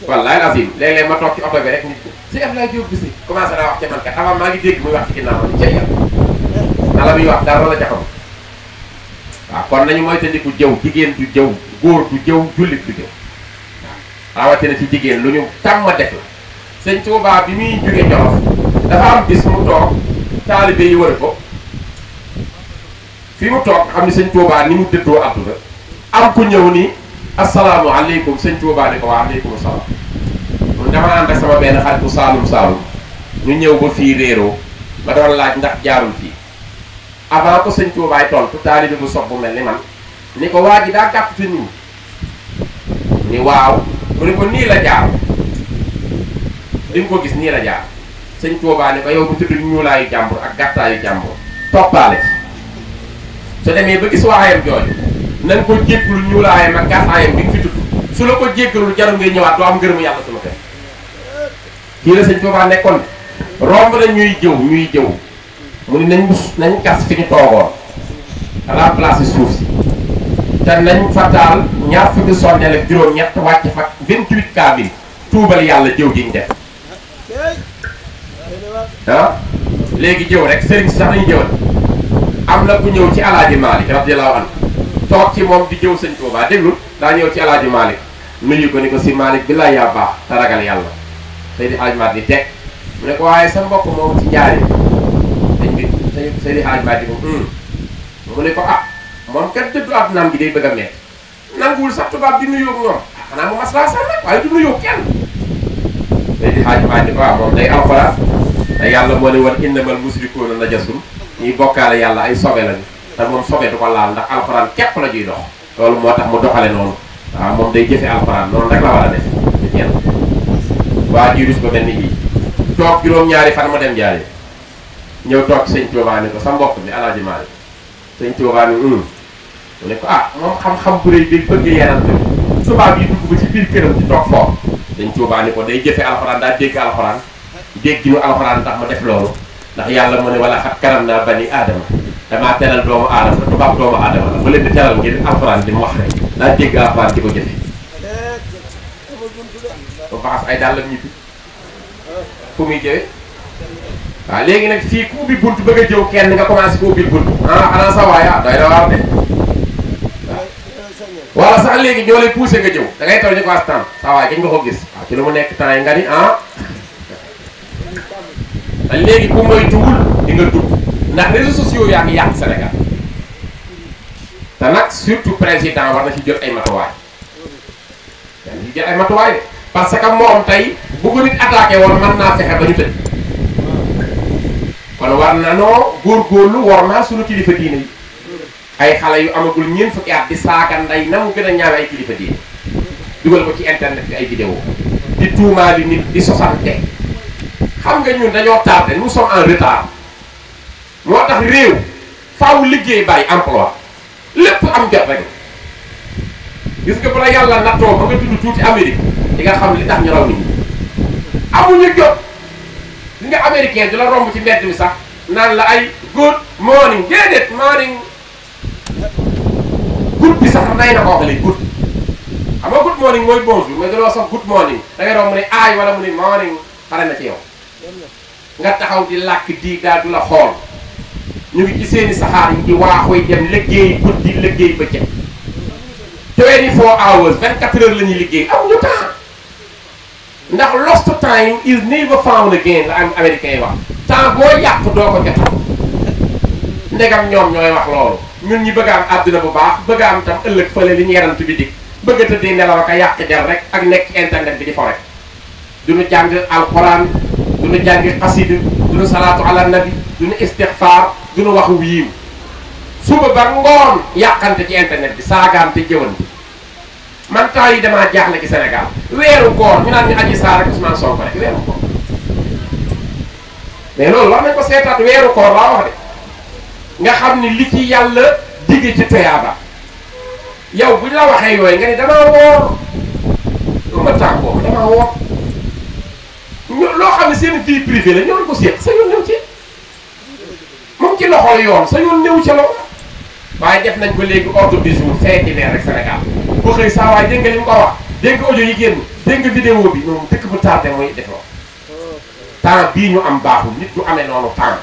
wallaay azim léeg-léeg ma toog ci oto bi rek nit si af laa jëw bisi commencé naa wax ca man kat avant maa ngi dégg muy wax ci ginnaaw ma ni cay yàlla na la muy wax dara la jaxam waaw kon nañu moytandiku jëw jigéen du jëw góor du jëw jullit du jëw waaw rawatina ci jigéen lu ñu tàmm def la sëñ Tuubaa bi muy jóge dafa am bis mu toog taalibe yi wër ko fi mu toog xam ni sëñ Tuubaa ni mu dëddoo àdduna am ku ñëw ni asalaamu aleykum sëñ Tuubaa ni ko waa aleykum salaam mun dama ànd ak sama benn xaritu saalum saalum ñu ñëw ba fii réeroo ma doon laaj ndax jaarul fii avant ko sëñ Tuubaay tontu taalibe bu sob bu mel ni man ni ko waa ji daa gàtt te ñuul ni waaw mu ne ko nii la jaar li mu ko gis nii la jaar sëñ Tuubaa ne ko yow bu tudd ñuulaayu jàmbur ak gàttaayu jàmbur toppaale su demee ba gis waxayam jooju ko jéggalu ñuulaayam ak su la ko jéggalu jaru ngay ñëwaat doo am ngërëmu yàlla suma kër kii la sëñ nekkoon romb na ñuy mu ne nañ nañ kas fi ñu toogoon remplacer suuf si te nañ fa taal ñaar fukki sondeel ak juróom-ñett wàcc fa 28 cas bi tuubal yàlla jëw ji def ah léegi jëw rek sëriñ si sax am na ku ñëw ci alaaji Malick radiyallahu anhu toog ci moom di jëw sëñ Tuubaa déglu daa ñëw ci alaaji Malick nuyu ko ni ko si Malick bi laa yaa baax te ragal yàlla Seydi Alaaji Malick di teg mu ne ko waaye sa mbokk moom ci njaari dañ bi Seydi Alaaji Malick di ko hmm. mu ne ko ah moom kat dëddu àddunaam gi day bëgg a metti nanguwul sax tubaab di nuyoo ñoom ah mu maslaa sax nag waaye du nuyoo di ko waaw ah, moom day alxuraan te yàlla moo ne woon innamal musrikuuna najasun ñuy bokkaale yàlla ay sobe lañu te moom sobe du ko laal ndax alxuraan képp la juy dox loolu moo tax mu doxale noonu waaw moom day jëfe alxuraan noonu rek la a def ñu kenn ñaari fan ma dem jaare ñëw toog sëñ Tuubaa ni ko hmm. ah, yi dugg ba ci biir këram di toog foofu sëñ Tuubaa ni day jëfe alxuraan daa dégg alxuraan dégginu alquran tax ma def lolu ndax yalla ya mo ne wala khat karamna bani adam dama teral do mo adam do tubaab do mo adam mu leen di teral ngir alquran di wax rek naa dégg alxuraan ci ko jëfe ba bax oh, ay dal ak nitu fu mi jëwee waaw legi nak fi ku bi buntu beug a kenn nga commencé ko bi buntu ah ala sa waya day doy de wala sax legi ñolay pousser nga jëw da ngay taw ñu ko as sa waya gën nga ko gis ci lu mu nekk temps yi nga ni ah dañ léegi ku moytuwul di nga dugg ndax réseaux sociaux yaa ngi yàq Sénégal te nag surtout président war na ci jël ay matuwaay war na ci jël ay matuwaay parce que moom tey bu ko nit attaqué woon mën naa fexe ba ñu tëj kon war na noo góorgóorlu war naa suñu kilifa ay xale yu amagul ñeent fukki at di saaga nday na mu gën ay kilifa dugal ko ci internet bi ay vidéo di tuumaali nit di sosante xam nga ñun dañoo tardé nous sommes en retard moo tax réew faaw liggéey bàyyi emploi lépp am jot rek gis nga bu la yàlla nattoo ba nga dund tuuti Amérique di nga xam li tax ñu raw nit ñi amuñu jot li nga américain du la romb ci mbedd mi sax naan la ay good morning déedéet morning good sax nay na ko waxalee good xam nga good morning mooy bonjour mais du la sax good morning da romb ne aay wala mu ne morning pare na nga taxaw di làkk di daal du la xool ñu ngi ci seeni saxaar yi di waaxooy dem liggéey guddi liggéey bëccëg twenty four hours vingt quatre heures la ñuy liggéey am ñu temps ndax lost time is never found again la am américain yi wax temps boo yàq doo ko jot ndegam ñoom ñooy wax loolu ñun ñi bëgg am àdduna bu baax bëgg am tam ëllëg fële li ñu yarantu bi dig bëgg a tëddee nelaw ak yàq der rek ak nekk internet bi di fo duñu jang alquran duñu jang qasida duñu salatu ala nabi duñu istighfar, duñu wax wiim suba ba ngoon yàqante ci internet bi te jewon man temps yi dama jaaxle ci senegal wéru ko ñu naan ñu aji saar ak Ousmane Sonko rek wéru ko mais loolu war nañ ko sétat wéru ko laa wax de nga xamni li ci yalla digge ci tayaba yow bu la waxee yoy nga ni dama wor ko ma ko dama wor loo xam ne seen vie privée la ñoo ko seet sa yoon new ci moom ci loxol yoon sa yoon new ca loolu waaye def nañ ko léegi ordre du jour fait divers rek Sénégal boo xëy saa waaye dégg nga li mu ko wax dégg nga audio yi génn dégg nga vidéo bi ñoom te bu tardé mooy def loolu temps bii ñu am baaxul nit du amee noonu temps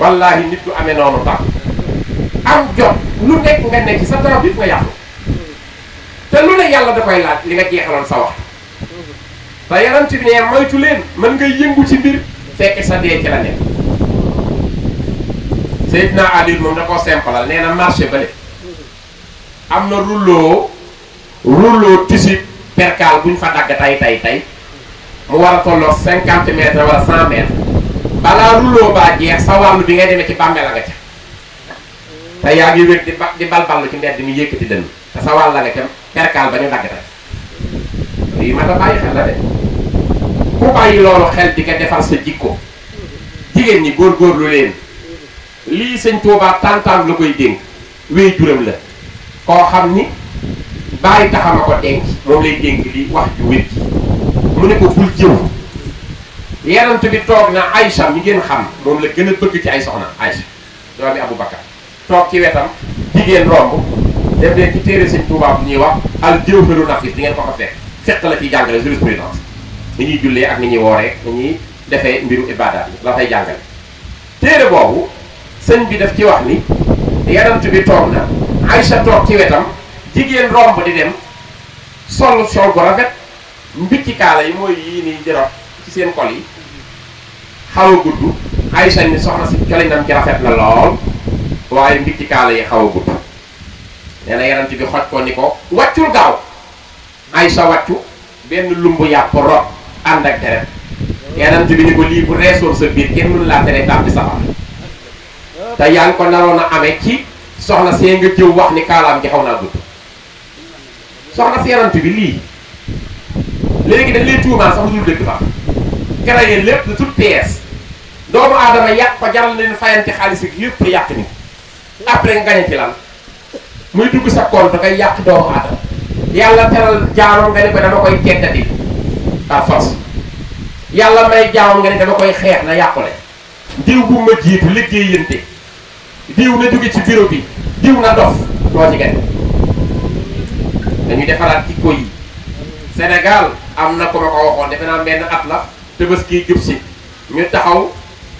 wallaahi nit du amee noonu temps am jot lu nekk nga nekk sa temps bi nga yàqu te lu ne yàlla da koy laaj li nga jeexaloon sa wax te yonent bi ne moytu leen mën nga yëngu ci mbir fekk sa dee ci la nekk Seydina Ali moom da koo simplal nee na marché bële am na rouleau rouleau tissu percal bu ñu fa dagg tay tay tay mu war a tolloo cinquante mètres wala cent mètres balaa rouleau baa jeex sa wàllu bi ngay demee ci bàmmeel la nga ca te yaa ngi wér di ba di balballu ci mbedd mi yëkkati dënn te sa wàll la nga ca percal ba ñu dagg tay lii ma ta bàyyi xel la de ku bàyyi loolu xel di nga defar sa jikko jigéen ñi góorgóorlu leen lii sëñ Tuubaa tàntaam la koy dénk wéy juram la koo xam ni bàyyi taxama ko dénk moom lay dénk li wax ju wér mu ne ko bul jëw yenant bi toog na Aïcha mi ngeen xam moom la gën a bëgg ci ay soxna Aïcha doomi Abu Bakar toog ci wetam jigéen romb dem leen ci téere sëñ Tuubaa bu ñuy wax al jëw feru nafis di ngeen ko fa fekk fekk la ciy jàngale jurisprudence ni ñuy jullee ak ni ñuy wooree ni ñuy defee mbiru ibaadaat yi la fay jàngale téere boobu sëñ bi def ci wax ni yarant bi toog na Aïcha toog ci wetam jigéen romb di dem sol sol bu rafet mbicci kaala yi mooy yii nii di ci seen kol yi xaw a gudd Aïcha ni soxna si colinam ci rafet na lool waaye mbicci kaala yi xaw a gudd nee na yarant bi xoj ko ni ko wàccul gaaw Aïcha wàccu benn lumbu yàpp rob ànd ak deret yeneen bi ñu ko lii bu reesoon sa biir kenn mënu laa tere tàbbi safara te yaa ngi ko naroon a amee ci soxna see nga jëw wax ni kaalaam gi xaw naa gudd soxna si yeneen bi lii léegi dañ lay tuumaan sax lu dul dëgg fa créé lépp de toute doomu aadama yàq ko jaral leen fayante xaalis ak yëpp te yàq ni après nga gañe ci lan muy dugg sa compte ngay yàq doomu aadama yàlla teral jaaroon nga ne ko dama koy teddati par force yàlla may jaamam nga ne dama koy xeex na yàqule diw bu ma jiitu liggéey yënte diw na jóge ci bureau bi diw na dof doo ci gën defaraat jikko yi Sénégal am na ko ma ko waxoon defe naa benn at la Tabaski jub si ñu taxaw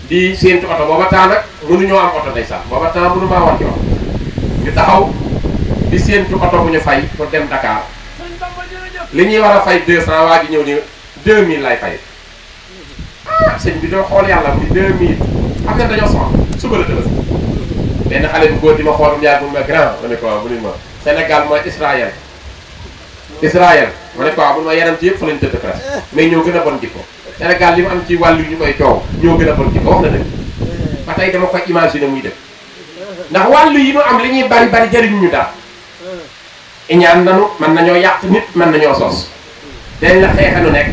di séentu oto booba temps nag mënuñoo am oto day sax booba temps mënu maa war ci ñu taxaw di séentu oto bu ñu fay pour dem Dakar li ñuy war a fay 200 waa ji ñëw ni deux live lay fay ah bi doo xool yàlla muy deux mille am na suba la bu di ma xool bu ma grand ma ko bu ma Sénégal mooy Israël Israël ma ne ko bu ma yaram ci yëpp fa lañ tëdd presque mais ñoo gën bon jikko Sénégal li mu am ci wàllu ñu koy coow ñoo gën wax na dama imaginer muy def ndax yi mu am li ñuy bari bari jëriñ ñu nit sos dañ la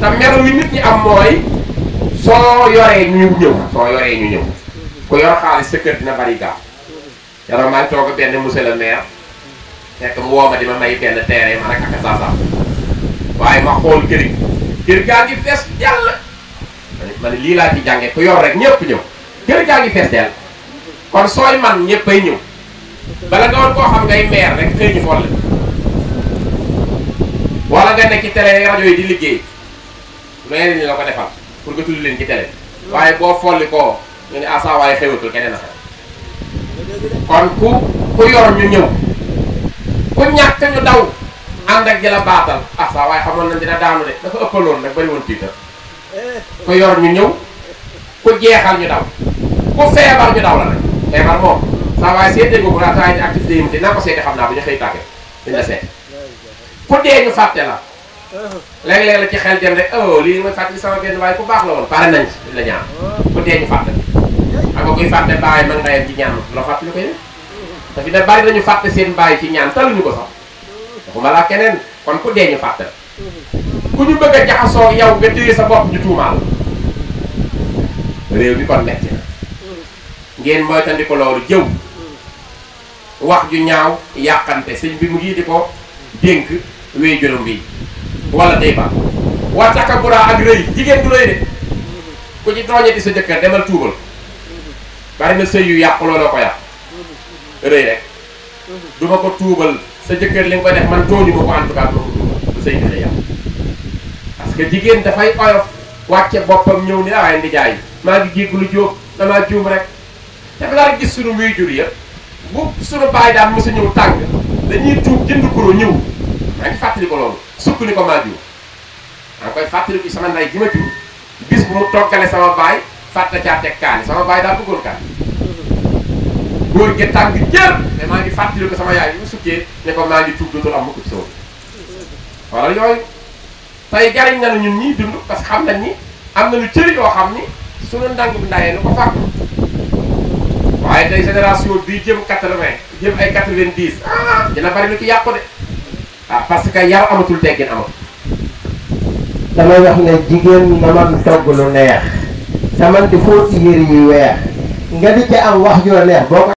ta melu mi nit ñi am moy so yoree ñu ñew so yoree ñu ñew ko yor xaalis secret kër dina bari gaaw yàlla maa ngi toog benn monsieur le maire nek mu woma ma di ma may ben terre ma rek ak sa waaye ma xol kër gi ga gi fess yalla man ma ne lii ci jàngee ko yor rek ñepp ñew kër ga gi fess del kon soy man ñëpp ay ñëw bala nga won ko xam ngay maire rek xëy ñu folle wala nga nek ci télé radio yi di liggéey. leneen ñu la ko defal pour nga tudd leen ci télé waaye boo folli koo ñu ne asa ah, waaye xewatul keneen a kon ku ku yor ñu ñëw ku ñàkk ñu daw ah, dina daanu de dafa ëppaloon nag bari woon ñëw ku jeexal ñu daw ku feebar ñu daw la nag feebar moom saa naa ko seete xam naa bu ñu xëy tàkke dañ seet ku dee ñu fàtte la léeg-léeg la ci xel dem rek oh lii mooy fàttali sama benn waaye ku baax la woon pare nañ ci la ñaan ku dee ñu fàttali xam nga kuy fàtte bàyyi mag ndayam ci ñaan la fàttali ko yéen te fi ne bari nañu fàtte seen bàyyi ci ñaan taluñu ko sax waxuma laa keneen kon ku dee ñu fàttali ku ñu bëgg a jaxasoo yow nga téye sa bopp ñu tuumaal réew bi kon metti na ngeen moytandi ko loolu jëw wax ju ñaaw yàqante sëñ bi mu ngi di ko dénk wéy bi wala day baax waa takabura ak rëy jigéen du rëy de ku ci tooñati sa jëkkër demal tuubal bari na sëy yu yàq looloo ko yàq rëy rek du ma ko tuubal sa jëkkër li nga ko def man tooñu ma ko en tout ma sëy dina yàq parce que jigéen dafay oyof wàcce boppam ñëw ni waaye ndi jaay maa ngi jéggalu jóob damaa juum rek daf laa gis sunu muy jur yëpp bu sunu bàyyi daan mos a ñëw tàng dañuy tuub jënd kuro ñëw maa ngi fàttali ko loolu sukk ni ko maa jur maa koy fàttaliku sama nday ji ma mu toggale sama baay fàtta caa teg kaani sama baay daa bëggoon kaani góor gi tàng jër te maa fàttaliku sama yaay bi mu sukkee ne ko maa ngi tuub dootul am mukk ci sama wala yooyu tey jariñ nañu ñun ñii dund parce que xam nañ ni am na lu cëri yoo xam ni suñu ndànk bi ndayee nu ko fàkk waaye tey génération bii jëm quatre jëm ay quatre-vingt-dix ah dina bari lu ci yàqu de waaw ah, parce que yar amatul teggin amatul. damay wax ne jigéen na man togg lu neex. te man di fóot yére yu weex. nga di ca am wax joo neex boo ko.